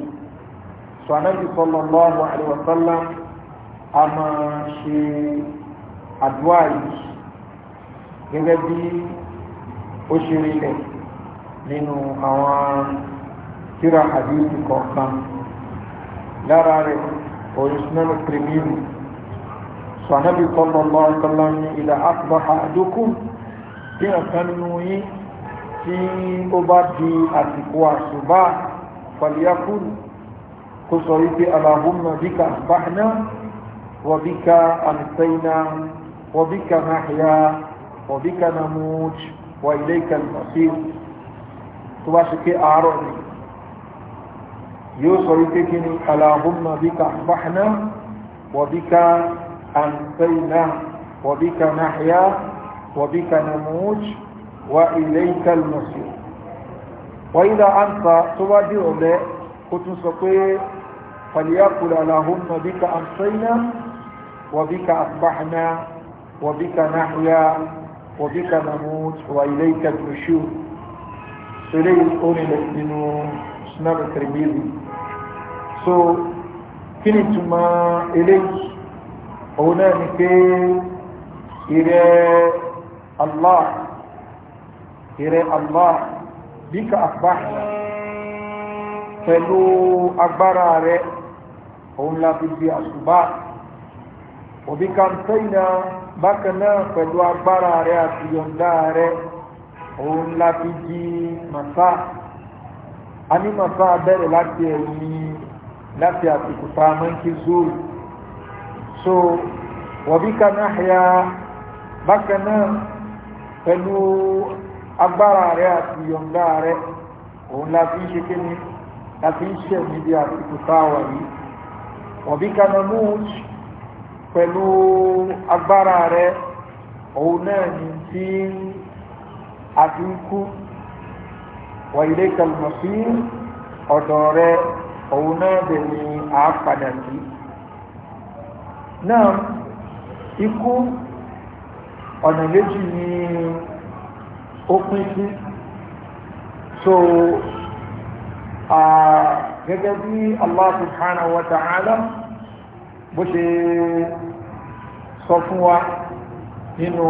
gẹ́gẹ́ bí ó ṣe rí nínú àwọn tíra àdúrà kọ̀ọ̀kan lára rẹ̀ ويسنن الترمذي فنبي صلى الله عليه وسلم إذا أصبح أحدكم في أكنوه في أبدي أتقوى الصباح فليقل كصريف اللهم بك أصبحنا وبك أمسينا وبك نحيا وبك نموت وإليك المصير تباشر كي yóò sọ wípé kí ni aláhùnmá bí ká báhánà wọ̀bí ká àǹtẹ́yìnà wọ̀bí ká náhíyá wọ̀bí ká namúj wa ilé ìkàlùmọ̀sí wọ́n yíra àǹtà tó wá dé ọ̀lẹ́ ó tún sọ pé فليقل اللهم بك أمسينا وبك أصبحنا وبك نحيا وبك نموت وإليك النشور سليل أولي الإسلام sunan tirmidhi so kini ni túmọ̀ eléyìí òun náà ni pé ìrẹ allah ìrẹ allah bí ka àgbà pẹ̀lú agbára rẹ òun láti di àṣùbá òbí kan tẹ́yìnà bákan náà pẹ̀lú agbára rẹ àti yọ̀ǹda rẹ òun láti di màsáà anima fa abẹ́rẹ̀ láti ẹ̀yìn láti àsìkò tá a máa so wọ̀bí kan náà ya bákan náà pẹ̀lú agbára rẹ àti yọ̀ǹda rẹ òun la fi ń ṣe kéne la fi ń ṣe níbi àsìkò tá a wà yìí wọ̀bí kan náà mú pẹ̀lú agbára rẹ òun náà ní tí a fi wà ilé kalmọ̀sí ọ̀dọ̀ rẹ òun náà bẹ̀ ni a padà sí náà ikú ọ̀nà méjì ni ó sí so gẹ́gẹ́ bí Allah subhanahu wa ta'ala bó ṣe sọ fún wa nínú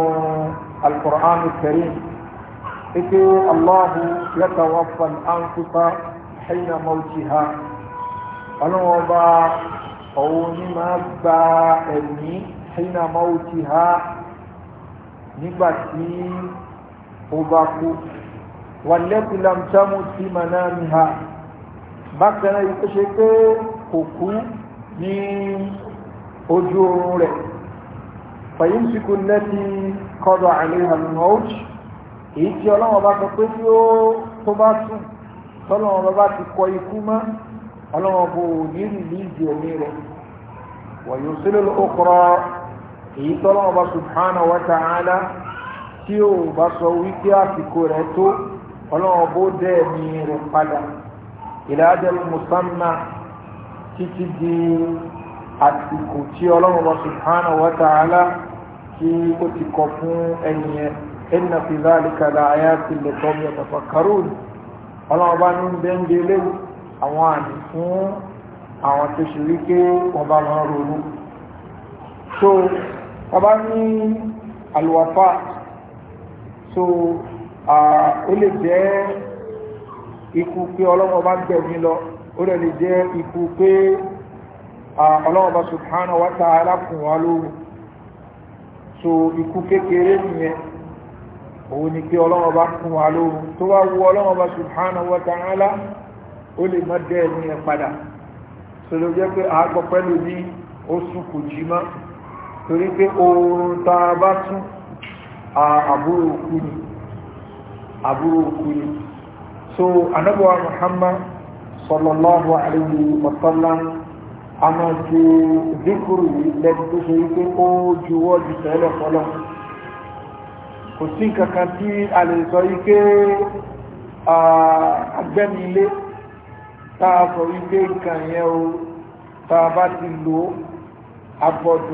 al-Qur'an al pípé Allahu yatawaffa al-anfusa hina mawtiha ọlọ́wọ́ bá òun ní máa gba ẹ̀mí hina mawtiha nígbà tí ó bá kú wallati lam tamut fi manamiha bákan náà yìí ṣe pé kò kú ní ojú oorun rẹ̀ fàyíǹsìkò lẹ́tí qada alayha al-mawt èyí tí ọlọ́wọ́n bá sọ pé tí ó tó bá sùn tọ́lọ́wọ́n bá ti kọ ikú mọ́ ọlọ́wọ́n bò ní rìlíìsì ẹ̀mí rẹ̀ yóò sílẹ̀ ó èyí tọ́lọ́wọ́n bá subhanahu wa ta'ala tí ó bá sọ wípé àsìkò rẹ̀ tó di àsìkò tí bá ti kọ fún ẹni yẹn. inna fi dhalika la ayatin li qawmin yatafakkarun ọlọ́run bá ní bẹ́ńdé léwu àwọn àmì fún àwọn tó ṣe wípé wọ́n bá wọn ronú so bàbá ní alùwàfà so ó lè jẹ́ ikú pé ọlọ́run bá gbẹ̀mí lọ ó lè jẹ́ ikú pé ọlọ́run bá subhanahu wa ta'ala kùn wá lóru so ikú kékeré nìyẹn òun ni pé ọlọ́wọ́n bá fún wa lóhun tó wá wu ọlọ́wọ́n bá subhanahu wa ta'ala ó lè mọ́ dẹ́ ẹ̀mí ẹ̀ padà sọlọ jẹ́ pé àgbọ̀ pẹ́lú ní oṣù kò jí mọ́ torí pé oorun tá bá tún àbúrò òkú ni àbúrò òkú ni so anábọ̀wá muhammad sallallahu alayhi wa sallam a máa ju lẹ́nu tó ṣe wípé ó juwọ́ ju tẹ́lẹ̀ fọlọ́run kò sí kankan tí a lè sọ ike agbẹ́nilé táa sọ ike nǹkan yẹn o táa bá ti lò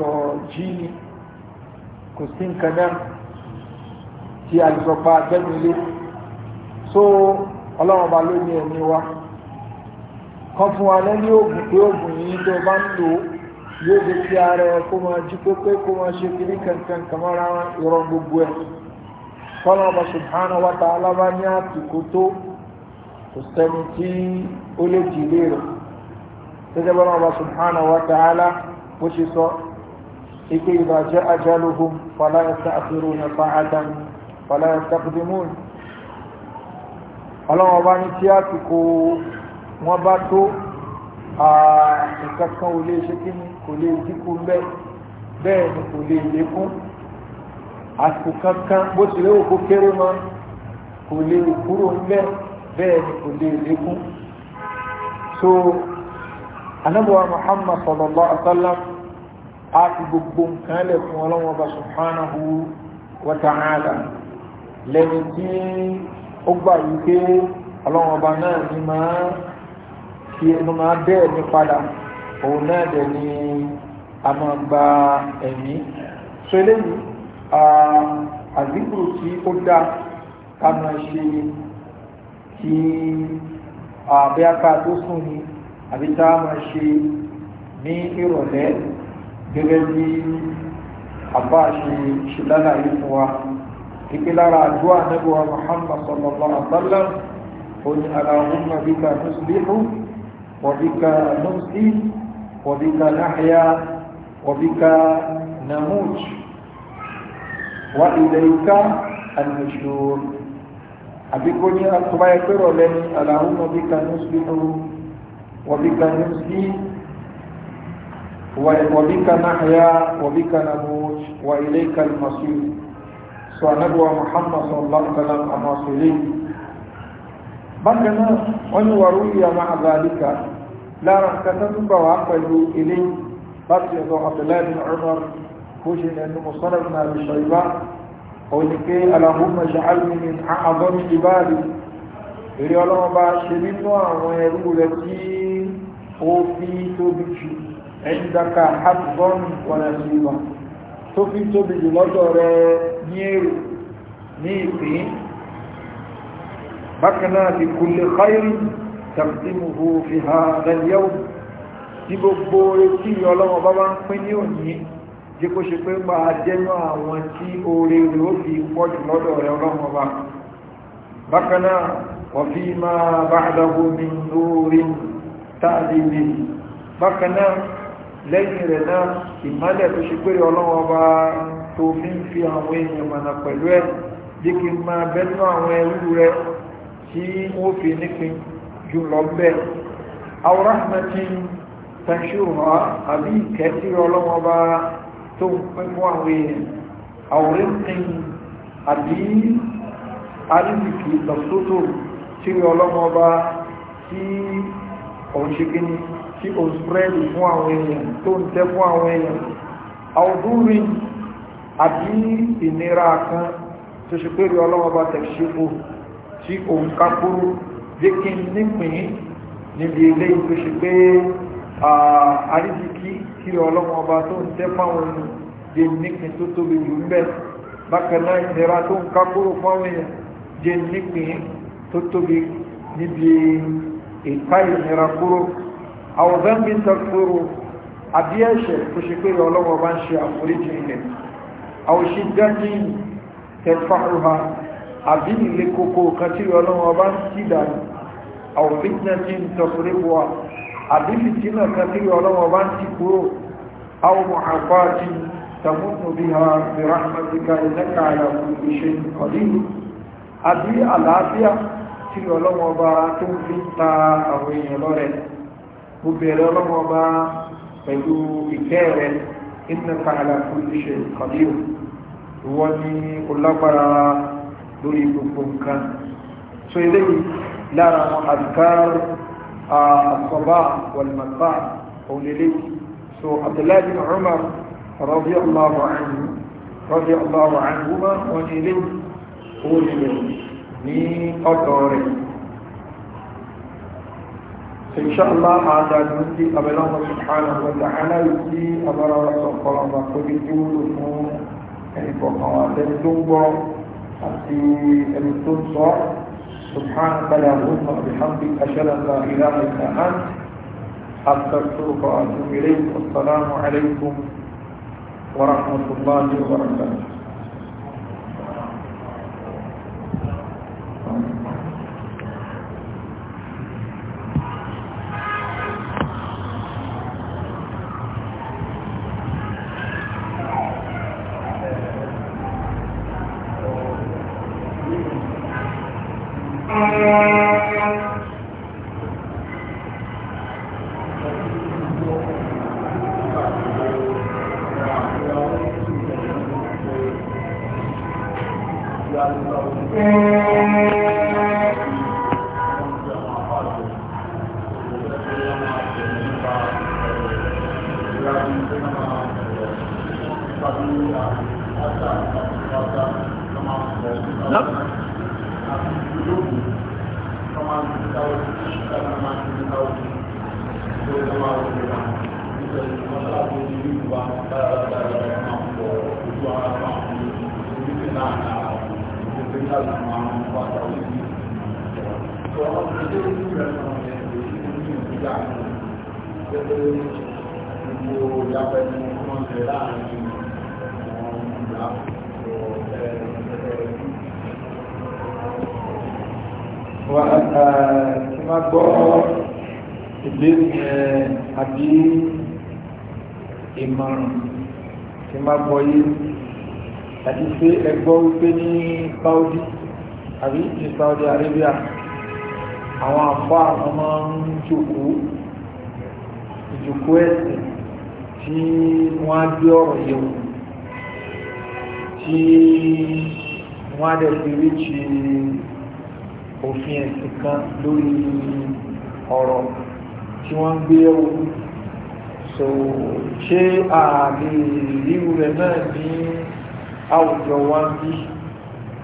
ó jí ni kò sí nǹkan náà tí a lè sọ pa agbẹ́nilé so ọlọ́run ba ló ní ẹ̀mí wa kan fún wa lẹ́ni oògùn pé oògùn yìí tó bá ń lò yóò jẹ́ kí ara ẹ̀ kó máa jí pé kó máa ṣe kiri kankan kàmára ìrọ̀ gbogbo ẹ̀ tọ́lọ́mọ subhanahu wa ta'ala bá ní àtìkú tó kò sẹ́ni tí ó lè jì lérò gẹ́gẹ́ bọ́lá ọba subhanahu wa ta'ala bó ṣe sọ ike ìbàjẹ́ ajaluhum fala yasta'khiruna sa'atan fala yastaqdimun ọlọ́wọ́ bá ní tí àtìkú wọn bá tó nǹkan kan ṣe kí ni kò lè dínkù bẹ́ẹ̀ ni kò lè lékún àsìkò kankan bó ti léwu kó kéré mọ́ kò lè kúrò ńlẹ̀ bẹ́ẹ̀ ni kò lè lékún so anabuwa muhammad sallallahu alaihi wa sallam a ti gbogbo nǹkan lẹ̀ fún ọlọ́wọ́n bá subhanahu wa ta'ala lẹ́ni tí ó gbà yìí pé ọlọ́wọ́n ọba náà ni máa fi ẹnu máa bẹ́ẹ̀ ní padà òun náà dẹ̀ ni a máa gba ẹ̀mí so eléyìí àdínkù tí ó dá kánà ṣe tí àbẹ́aká tó sùn ní àbíta máa ṣe ní ìrọ̀lẹ́ gẹ́gẹ́ bí àbá ṣe ṣe lálàyé fún wa ìpé lára àdúwà nẹ́bùwà Muhammad sallallahu alaihi wasallam ó ní aláhùnmá bíkà nùsùlùmù wọ̀bíkà nùsì wọ̀bíkà náhíyá wọ̀bíkà wá ilẹ̀ ìka àlùṣòro àbíkó ní àtúbá ẹgbẹ́ rọ̀lẹ́ ní aláhùn ọbí kanúsù nínú wọ̀bí kanúsù وبك نحيا وبك نموت وإليك المصير سوى نبوى محمد صلى الله عليه وسلم أما صليم بكنا أن وروي مع ذلك لا رحكة تنبوى قلو إليه بس يضع عبد الله بن عمر bó ṣe lẹ́nu mọ̀sánà ìrìnà àrùsọ ìbá òní pé aláhùnmọ̀ ṣàálùmí ni àádọ́mí ìbáàlì èrè ọlọ́mọba ṣe nínú àwọn ẹrú rẹ̀ tí ó fi tóbi jù ẹ̀ńdàkà àtúbọ́nù wọ̀nà ìwà tó fi tóbi jù lọ́dọ̀ rẹ̀ ní èrò ní ìpín bákanáà ti kùlé káírí tàbítímùhù fi ha rẹ̀ yẹ́wò tí gbogbo orí tí ọlọ́mọba bá ń pín ní òní jẹ́ kó ṣe pé ń bá jẹ́nú àwọn tí oore rẹ̀ ó fi pọ́jù lọ́dọ̀ rẹ̀ ọlọ́run ọba bákanáà wọ̀fí máa bá àdáwò mi lórí tààdì mi bákanáà lẹ́yìn rẹ̀ náà ìmálẹ̀ tó ṣe pé ọlọ́run tó fi ń fi àwọn èèyàn mọ̀nà pẹ̀lú ẹ̀ jẹ́ máa bẹ́nú àwọn ẹrú rẹ̀ tí wọ́n fi nípin jù lọ bẹ́ẹ̀ àwòrán àti tàṣùwà àbí ìkẹ́sí ọlọ́run tó ń pín fún àwọn èèyàn àwòrán tin àbí àríwìkì lọ́sọ́tò tí rí ọlọ́mọ ọba tí òun ṣe gíní tí òun sprẹ́lì fún àwọn èèyàn tó ń tẹ́ fún àwọn èèyàn àwòdúrin àbí ìnira kan tó ṣe pé rí ọlọ́mọ ọba tẹ̀ṣípò tí òun kápúrú jẹ́ kí n nípìn níbi ilé ìgbéṣe pé Ah, àríjìkí kí ọlọ́wọ́n ọba tó ń tẹ́ fáwọn ẹni jẹ nípìn tó tóbi jù ń bẹ̀ bákan náà ìnira tó ń ká kúrò fáwọn èèyàn jẹ nípìn tó tóbi níbi ìka ìnira kúrò àwọ̀dán bí takfúrò àbí ẹ̀ṣẹ̀ tó ṣe pé ọlọ́wọ́n ọba ń ṣe àforíjì ilẹ̀ àwòṣí dájí àbí fìtínà kan tí ọlọ́wọ́ bá ń ti kúrò àwọn mọ̀hànfàájì tàmùnù bí ha bí rahmatika ìlẹ́ka àyàwó ìṣe ọ̀dínú àbí àlàáfíà tí ọlọ́wọ́ bá tó ń fi ta àwọn èèyàn lọ́rẹ̀ mo bẹ̀rẹ̀ ọlọ́wọ́ bá pẹ̀lú ìkẹ́ rẹ̀ ìlẹ́ka àyàwó ìṣe ọ̀dínú wọ́n الصباح والمساء أو ليلي سو عبد الله بن عمر رضي الله عنه رضي الله عنهما ونيلي هو ليلي ni ọ̀dọ̀ rẹ̀ insha Allah àdájú sí abẹ́lọ́wọ́ subhanahu wa ta'ala sí abẹ́rọ̀wọ́ sọ̀kọ̀lọ́wọ́ kójú júúrù fún ẹnìkọ̀kan àtẹni tó ń gbọ́ àti ẹni tó ń sọ سبحانك لا هم بحمدك أشهد أن لا إله إلا أنت أستغفرك وأتوب إليك والسلام عليكم ورحمة الله وبركاته Wà kí máa gbọ́ ìbéèrè àbí ìmọ̀ràn tí máa gbọ́ yé àti pé ẹgbọ́ wípé ní Saudi àbí ní Saudi Arabia àwọn àfá àwọn máa ń jòkó ìjòkó ẹ̀sìn tí wọ́n á gbé ọ̀rọ̀ yẹ̀wò tí wọ́n á dẹ̀ fi ríjì òfin ẹ̀sìn kan lórí ọ̀rọ̀ tí wọ́n ń gbé yẹ̀wò so ṣé ààrẹ ìrírú rẹ̀ náà ní àwùjọ wa ń bí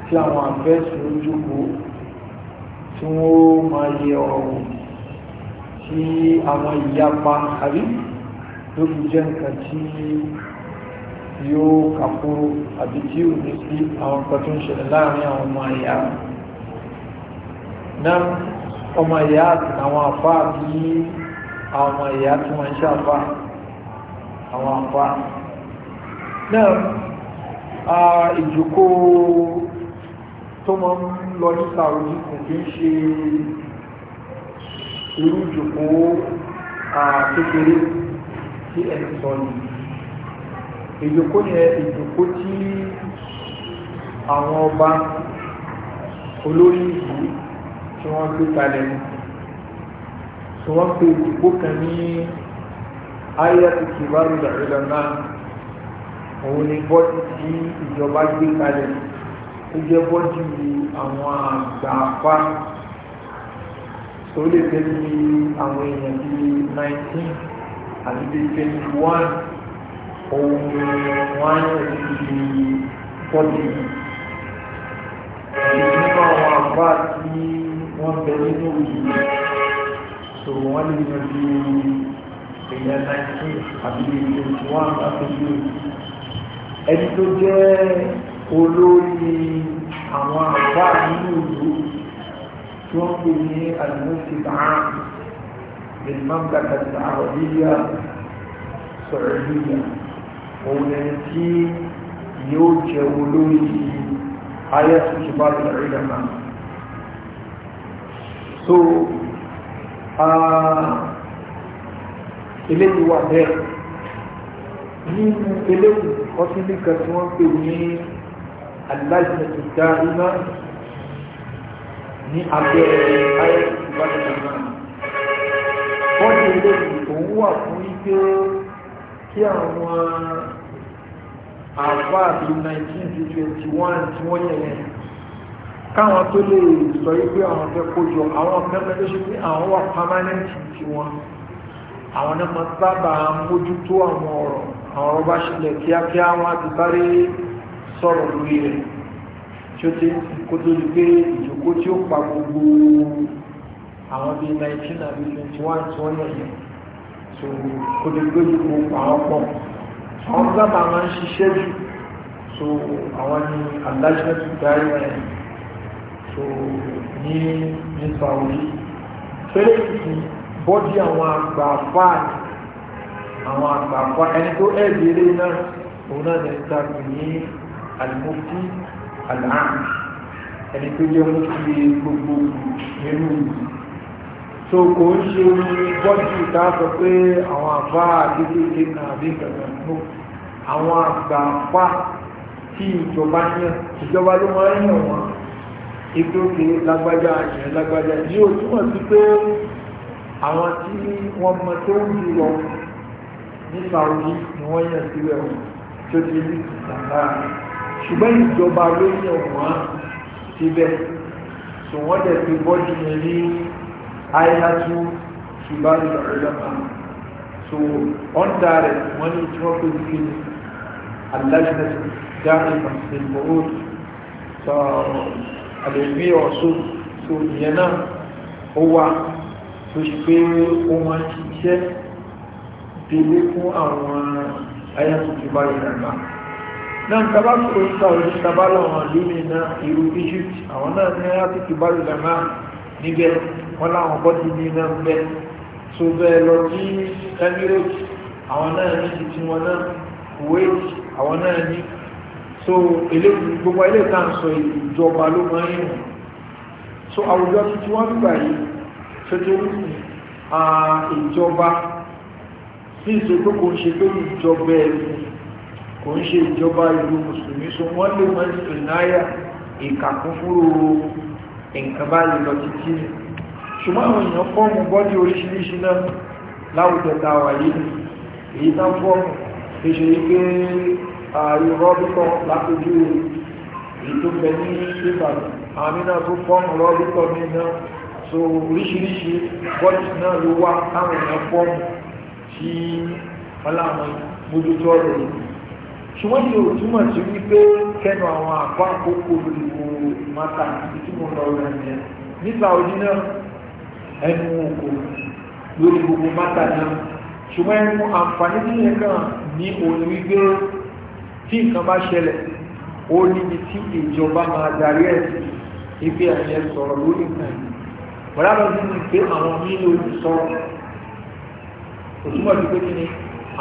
tí àwọn àfẹ́sùn lójúkòó tí wọ́n máa yẹ ọ̀rọ̀ tí àwọn ìyapa àrí ló fi jẹ́ nǹkan tí yóò kàkúrò àbí tí ò ní sí àwọn nǹkan tó ń ṣẹlẹ̀ láàrin àwọn ọmọ ìyá náà ọmọ ìyá àti àwọn àfá àbí àwọn ìyá tí wọ́n ń ṣàfá àwọn àfá náà ìjókòó tó mọ́ ń lọ ní sàrójì kò kí ń ṣe irú jòkó kékeré tí ẹni sọ yìí ìjòkó yẹn ìjòkó tí àwọn ọba olórí ìlú tí wọ́n gbé kalẹ̀ ní tí wọ́n pe ìdìbò kan ní ayélujára kìbárù òun ni bọ́ọ̀dì tí ìjọba gbé kalẹ̀ ní tó jẹ́ bọ́dì àwọn àgbà apá tó lè tẹ́ bí àwọn èèyàn bí 19 àti bí 21 ohun wọn ti bọ́dì nínú àwọn àgbà tí wọ́n bẹ nínú ìlú tó wọ́n lè yàn bí èèyàn 19 àti bí 21 àti bí ẹni tó jẹ́ olórí àwọn àgbà nínú ìlú tí wọ́n pè ní alimọ́sílá ìmọ̀gbàgbà àrọ̀bíyà sọ̀rọ̀líyà òun ẹni tí yóò jẹ olórí ayé ìṣùgbà ìrìnàmà so eléyìí wà bẹ́ẹ̀ nínú eléyìí ọtí nìkan tí pè ní اللجنة الدائمة ní abẹ́ ayé ìwádìí náà wọ́n ti lè òun wà fún ike kí 1921 tí wọ́n yẹ̀ yẹn káwọn tó lè sọ wípé àwọn fẹ́ kójọ àwọn mẹ́mẹ́ ló ṣe pé àwọn wà pámánẹ́ǹtì tí wọ́n àwọn náà máa mójútó àwọn ọ̀rọ̀ àwọn ọba ṣẹlẹ̀ kíákíá wọn ti sáré sọ̀rọ̀ lórí rẹ̀ tí ó ti kó tó di pé ìjókòó tí ó pa gbogbo àwọn bíi nineteen àbí twenty tí wọ́n yàn yẹn so kó tó di pé ìjókòó pọ̀ àwọn sábà máa ń ṣiṣẹ́ jù so àwọn ni aláṣẹ tó darí wọn yẹn so ní ní Saudi fẹ́lẹ́sì bọ́dí àwọn àgbààfà àwọn àgbààfà ẹni tó ẹ̀ẹ́dì eré náà òun náà lè ta pè ní àlùmọ́tí àlùmọ́tí ẹni tó jẹ́ mú sí gbogbo nínú so kò ń ṣe orí bọ́jú ìtaàsọ pé àwọn àbá àgbégbèké kan àbí ìgbàgbà náà àwọn àgbà apá tí ìjọba yàn ìjọba ló máa ń yàn wọn ibi òkè lágbájá àyàn lágbájá yìí ò sí pé àwọn tí wọ́n mọ tó ń jù lọ ní Saudi ni wọ́n yàn sílẹ̀ wọn tó ti ní ìtàkà rẹ̀ ṣùgbọ́n ìjọba ló ní ọ̀wọ́n síbẹ̀ tó wọ́n dẹ̀ fi bọ́jú yẹn ní àìlàtú ṣùgbọ́n ìjọba so ọ̀ndà rẹ̀ wọ́n ní tí wọ́n pè ní kí aláìsẹ̀ dáhùn ìmọ̀ sọ àlèmí ọ̀ṣọ́ so ìyẹn náà ó wà tó ṣe pé ó máa ń ṣiṣẹ́ délé fún àwọn ayatollah ìrànlọ́wọ́ náà tàbá kò ń ta òní tàbá làwọn àlúmi náà ìlú Egypt àwọn náà ní láti fi bá ìlà náà níbẹ̀ wọn làwọn bọ́ ti ní náà bẹ́ so bẹ́ẹ̀ lọ sí Emirates àwọn náà ní ti ti wọn náà Kuwait àwọn náà ní so gbogbo ilé ìta ń sọ ìjọba ló máa ń rìn so àwùjọ títí wọ́n gbà yìí fẹ́tọ́rù ìjọba sí ìṣètò kò ń ṣe pé ìjọba ẹ̀sìn kò ń ṣe ìjọba ìlú mùsùlùmí so wọ́n lè wọ́n sì náyà ìkàkún fúró nǹkan báyìí lọ títí ṣùgbọ́n àwọn èèyàn fọ́ọ̀mù bọ́dí oríṣiríṣi náà láwùjọ ta wà yìí èyí tán fọ́ọ̀mù fi ṣe pé irọ́ bíkọ́ lápẹjú èyí tó bẹ ní ìbàdàn àmì náà tó fọ́ọ̀mù rọ́ bíkọ́ náà so oríṣiríṣi bọ́dí náà ló wá táwọn èèyàn fọ́ọ̀mù tí wọ́n láwọn mójútó ọ̀rọ̀ yìí ṣùgbọ́n yìí ò túmọ̀ sí wípé kẹnu àwọn àbá àkókò ìwò mata tí mo lọ rẹ̀ ní ẹ̀ nígbà òní náà ẹnu òkò lórí mata náà ṣùgbọ́n ẹnu àǹfààní tí yẹn kàn ní òní wípé tí nǹkan bá ṣẹlẹ̀ ó níbi tí ìjọba máa darí ẹ̀ sí ibi ẹ̀yẹ sọ̀rọ̀ lórí nǹkan yìí bọ̀dá lọ sí ni pé àwọn mílò olùsọ̀rọ̀ òtúmọ̀ sí pé kí ni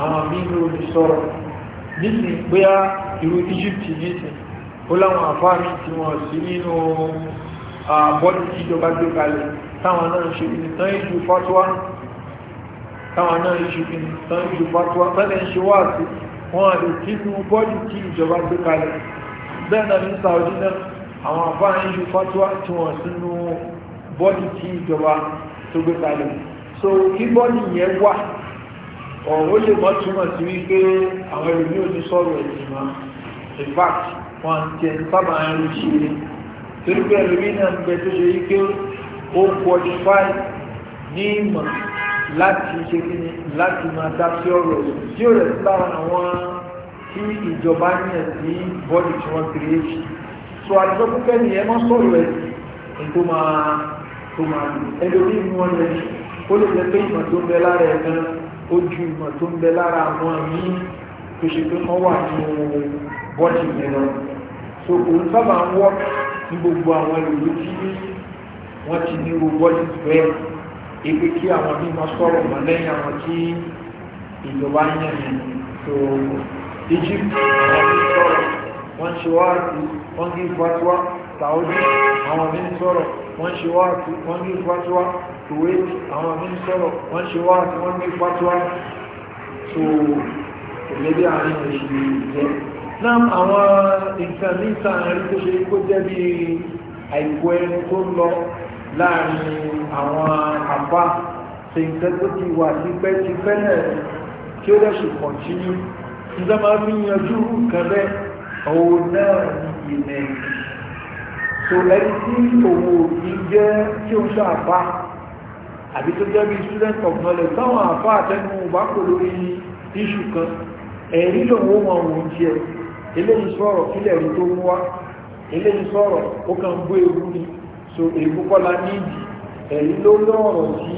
àwọn mílò olùsọ̀rọ̀ nísìn bóyá ìlú Egypt nísìn ó láwọn àfáàmì tí wọ́n sí nínú bọ́ọ̀lù tí ìjọba gbé kalẹ̀ táwọn náà ṣe kí tán ìlú fatwa táwọn náà ṣe kí tán ìlú fatwa tẹ́lẹ̀ ń ṣe wá sí wọ́n àlè nínú bọ́ọ̀lù tí ìjọba gbé kalẹ̀ bẹ́ẹ̀ ní Saudi náà àwọn àfáàmì ìlú fatwa tí wọ́n sínú bọ́ọ̀lù tí ìjọba tó gbé kalẹ̀ so kí bọ́ọ̀lù yẹn wà ọ̀rọ̀ lè mọ́ túnmọ̀ sí wípé àwọn ẹlòmí ò ní sọ̀rọ̀ ẹ̀sìn mọ́ in fact wọ́n ti ẹ̀ sábà ń rí sí i torí pé ẹlòmí náà ń bẹ tó ṣe wípé ó qualify ní ìmọ̀ láti ṣe kí ni láti máa dá sí ọ̀rọ̀ ẹ̀sìn tí ó rẹ̀ sí lára àwọn tí ìjọba ní ẹ̀sìn bọ́ọ̀dì tí wọ́n create so àdìsọ́kúkẹ́ ni ẹ mọ́ sọ̀rọ̀ ẹ̀sìn tó máa tó máa ẹlòmí inú ọ̀rẹ́ ó lè jẹ́ pé ìmọ̀ tó bẹ lára ẹ̀ gan-an ó ìmọ̀ tó ń bẹ lára àwọn míì tó ṣe pé wọ́n wà nínú bọ́ọ̀dì yẹn lọ so òun sábà ń wọ́ ní gbogbo àwọn ìlú tí wọ́n ti ní irú bọ́ọ̀dì bẹ́ẹ̀ ebi kí àwọn bí sọ̀rọ̀ mọ́ lẹ́yìn àwọn tí ìjọba ń yàn yẹn so Egypt àwọn bí sọ̀rọ̀ wọ́n ṣe wá sí wọ́n gé fatuwa Saudi àwọn bí sọ̀rọ̀ wọ́n ṣe wá sí wọ́n gé fatuwa ìwé àwọn amín sọ̀rọ̀ wọ́n ṣe wá tí wọ́n ní fatuwa tó òlébí àárín òṣèlú jẹ́ náà àwọn nǹkan ní ìtàrí tó ṣe kó jẹ́ bí àìkú ẹni tó ń lọ láàrin àwọn àbá ṣe nǹkan tó ti wà tipẹ́ tipẹ́ náà tí ó lẹ́sùn kọ̀tínú nígbà máa fi yanjú nǹkan bẹ́ẹ̀ òun náà ní ilẹ̀ tó ẹni tí òun ò ní jẹ́ tí ó ṣàbá àbí tó jẹ́ bí student of knowledge táwọn àfá àtẹnu bá kò lórí iṣu kan ẹ̀rí lòun ó wọn òun jẹ eléyìí sọ̀rọ̀ kílẹ̀ rí tó ń wá eléyìí sọ̀rọ̀ ó kàn gbé ewu ni so èkó kọ́la nídìí ẹ̀rí ló lọ́rọ̀ tí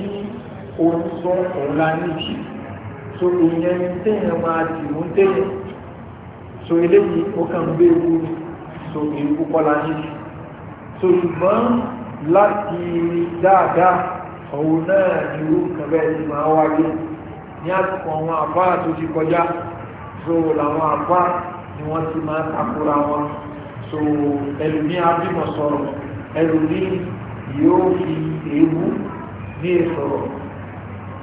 òun sọ ọ̀la nídìí so ìyẹn téèyàn máa dì mú téèyàn so eléyìí ó kàn gbé ewu ni so èkó kọ́la nídìí so ṣùgbọ́n láti dáadáa òun náà ni irú nǹkan bẹ́ẹ̀ ti máa wáyé ní àsìkò àwọn àbá tó ti kọjá so làwọn àbá ni wọ́n ti máa takora wọn so ẹlòmí abímọ̀ sọ̀rọ̀ ẹlòmí yóò fi ewu ní ìsọ̀rọ̀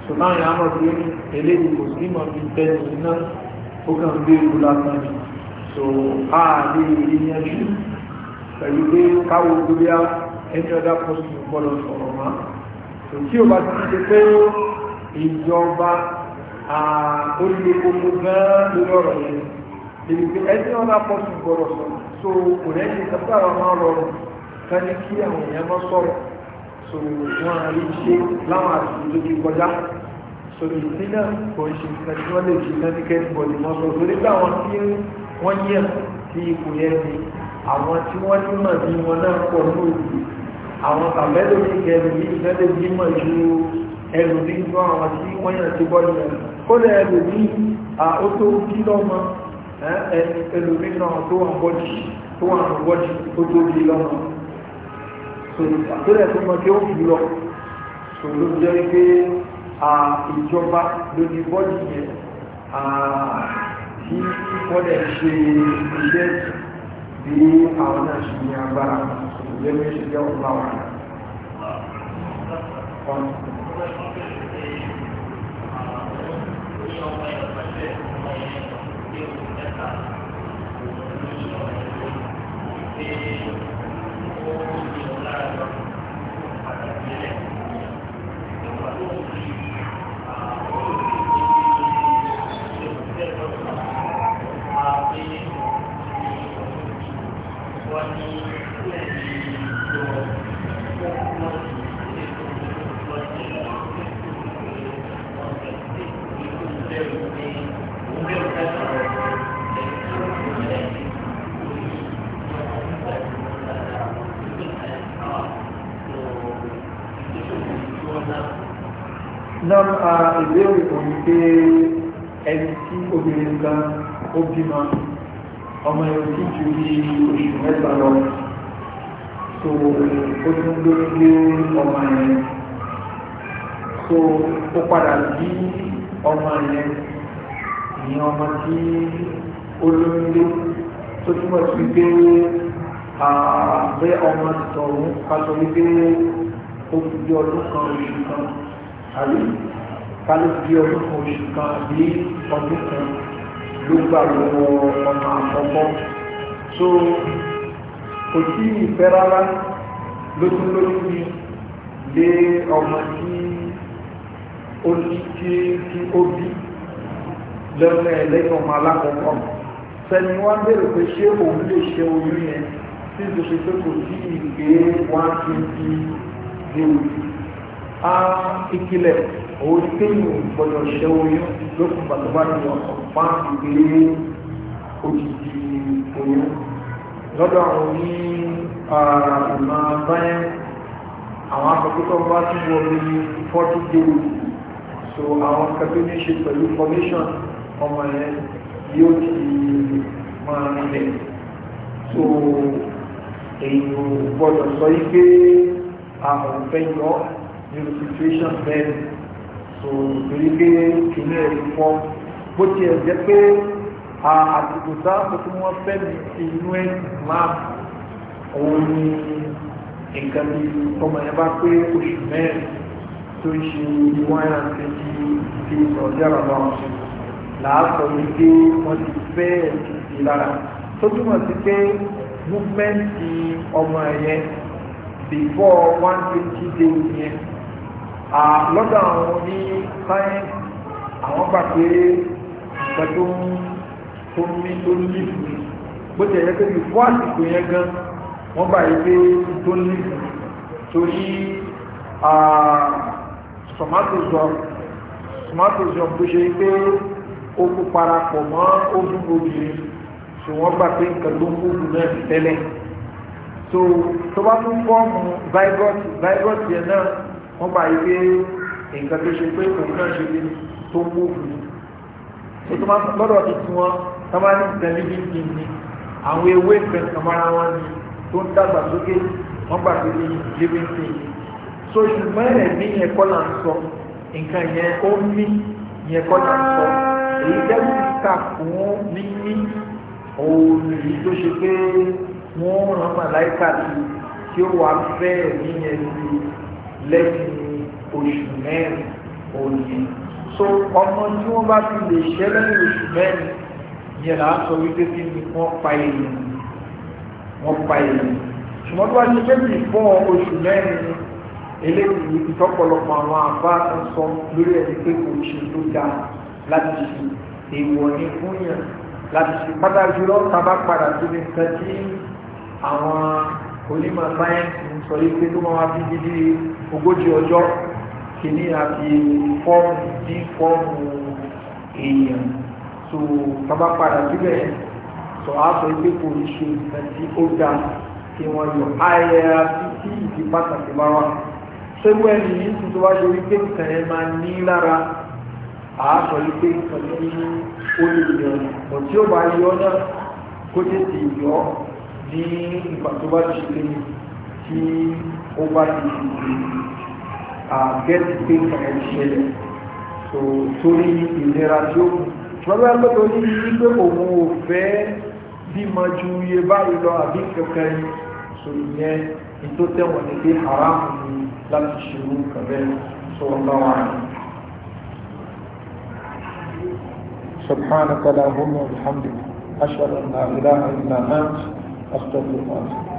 so láàrin àmọ́ pé eléyìí kò sí mọ̀ fi tẹ́lẹ̀ iná ó kàn gbé ewu lásán ni so a lè rí yanjú pẹ̀lú pé káwọ́ gbóríyá ẹni ọ̀dà pọ̀ sí sọ̀rọ̀ máa tí ó bá ti ṣe pé ìjọba olùdókòwò gan lórí ọ̀rọ̀ yẹn èyí pé ẹni wọn bá pọ̀ sí gbọ́rọ̀ sọ so kò rẹ́yìn ìtàkùn àwọn máa rọrùn ká ní kí àwọn èèyàn máa sọ̀rọ̀ so wọn á rí ṣe láwọn àti tó ti kọjá so ìsìn náà kò ṣe nǹkan tí wọ́n lè ṣe náà ní kẹ́sìbọ̀dì wọn sọ torí pé àwọn tí wọ́n yẹ̀ sí ipò yẹn ni àwọn tí wọ́n ní mọ̀ ní wọn náà pọ̀ ní òbí àwọn àbẹ́lò ní kẹrù ní ìfẹ́lẹ̀ mímọ̀ ju ẹrù ní inú àwọn tí wọ́n yàn ti bọ́ọ̀lù rẹ̀ kó lẹ ẹrù ní ó tó kí lọ́mọ ẹrù ní náà tó wà bọ́ọ̀lù tó wà bọ́ọ̀lù ó tó kí lọ́mọ tó lẹ tó mọ kí ó fi lọ sòrò jẹ́ pé ìjọba lóní bọ́ọ̀lù yẹn tí wọ́n lẹ̀ ṣe iṣẹ́ bí àwọn náà ṣe ní agbára wọn yẹn ní ṣe jẹ́ ọ̀pọ̀ àwọn ó bímọ ọmọ ẹ̀rọ tí ju bí oṣù mẹ́ta lọ so ó tún ló gbé ọmọ yẹn so ó padà bí ọmọ yẹn ní ọmọ tí ó lóyún lé tó túmọ̀ sí pé àbẹ́ ọmọ tọ̀hún ká sọ wípé ó fi bí ọdún kan oṣù kan àbí ká ló fi bí ọdún kan oṣù kan àbí ọdún kan ló gbà wọ ọmọ àkọ́kọ́ so kò sí ìfẹ́ rárá lójú lórí lé ọmọ tí ó ní tí tí ó bí lọ́nà ẹlẹ́yìn ọmọ alákọ̀ọ́kọ́ sẹ́ni wá bẹ̀rẹ̀ pé ṣé òun lè ṣe oyún yẹn tí ìjọ ṣe pé kò sí ìgbé wá twenty days a ìkìlẹ̀ òun ni kéèyàn gbọdọ̀ ṣẹ́ oyún lókun bàtà bá ti wọ̀ ọ̀pá ìgbélé òjijì oyún lọ́dọ̀ àwọn ní ìmọ̀ báyẹn àwọn akọ̀kọ́tọ̀ bá ti wọ̀ ní forty days so àwọn kẹfẹ́ ní ṣe pẹ̀lú formation ọmọ yẹn yóò ti máa rẹ̀ so èèyàn gbọdọ̀ sọ yí pé àwọn fẹ́ yọ nínú situation bẹ́ẹ̀ so torí pé kìíní ẹ̀rí fọ́ bó tiẹ̀ jẹ́ pé àsìkò sáàpù tí wọ́n fẹ́ mi ti inú ẹ̀ máa òun ni nǹkan bí ọmọ yẹn bá pé oṣù mẹ́rin tó ń ṣe one and twenty ti ọjọ́ lọ́dọ̀ àwọn oní sáyẹ́ǹsì àwọn gbà pé nǹkan tó ń tó ń mí tó ń lì fún mi bó ti ẹ̀yẹ́ pé ìfọ́ àsìkò yẹn gan wọ́n gbà yí pé tó ń lì fún torí somatozoa somatozoa tó ṣe pé ó kó parapọ̀ mọ́ ogun obìnrin tí wọ́n gbà pé nǹkan ló ń kóògùn náà tẹ́lẹ̀ so tó bá tún fọ́ọ̀mù zygote zygote yẹn náà wọ́n gbà yí pé nǹkan tó ṣe pé kò kán ṣe tó mú fún un tó tó máa lọ́dọ̀ ti tí wọ́n tó ní nǹkan níbi àwọn ewé nǹkan wọn ni tó ń dàgbà sókè wọ́n gbà pé ní living thing so ṣùgbọ́n ẹ̀mí yẹn kọ́ là ń sọ nǹkan yẹn ó mí yẹn kọ́ là ń sọ èyí dẹ́kun kà fún níní òun èyí tó ṣe ó wà fẹ́ ẹ̀mí yẹn sí lẹ́yìn oṣù mẹ́rin òní so ọmọ tí wọ́n bá fi lè ṣẹ́ lẹ́yìn oṣù mẹ́rin yẹn là á sọ wípé kí ni wọ́n pa èèyàn wọ́n pa èèyàn ṣùgbọ́n tó bá ṣe pé bí fọ́ oṣù mẹ́rin eléyìí ìtọ́pọ̀lọpọ̀ àwọn àbá ń sọ lórí ẹni pé kò ṣe ló dáa láti ṣe èèwọ̀ ní fún yàn láti ṣe pátá jùlọ tá a bá padà síbi nǹkan tí àwọn onímọ̀ sáyẹ́ǹsì sọ wípé tó máa fi dídí ogójì ọjọ́ kìíní àti fọ́ọ̀mù dí fọ́ọ̀mù èèyàn tó bàbá padà síbẹ̀ sọ á sọ wípé kò ní ṣe nǹkan tí ó ga kí wọ́n yọ ayẹyẹ títí ìdí pàtàkì bá wà sẹ́gbọ́ ẹni yìí tuntun wá ṣe wípé nǹkan ẹ máa ní lára àásọ wípé nǹkan ní ó yọ ọ̀ tí ó bá yọ náà kó tètè yọ ní ìgbà tó bá ti ṣe lẹ́yìn tí ó bá ti fi àgẹ́tì pé ẹ̀ ṣẹlẹ̀ torí ìlera tí ó kù lọ́wọ́ ẹgbẹ́ tó ní wípé òun ò fẹ́ bímọ ju iye báyìí lọ àbí kẹkẹ sòlùyẹn tó tẹ̀wọ̀n ní pé haram ni láti ṣerú kẹfẹ́ sọ̀rọ̀ báwa ni. سبحانك اللهم وبحمدك أشهد أن لا إله إلا أنت أستغفرك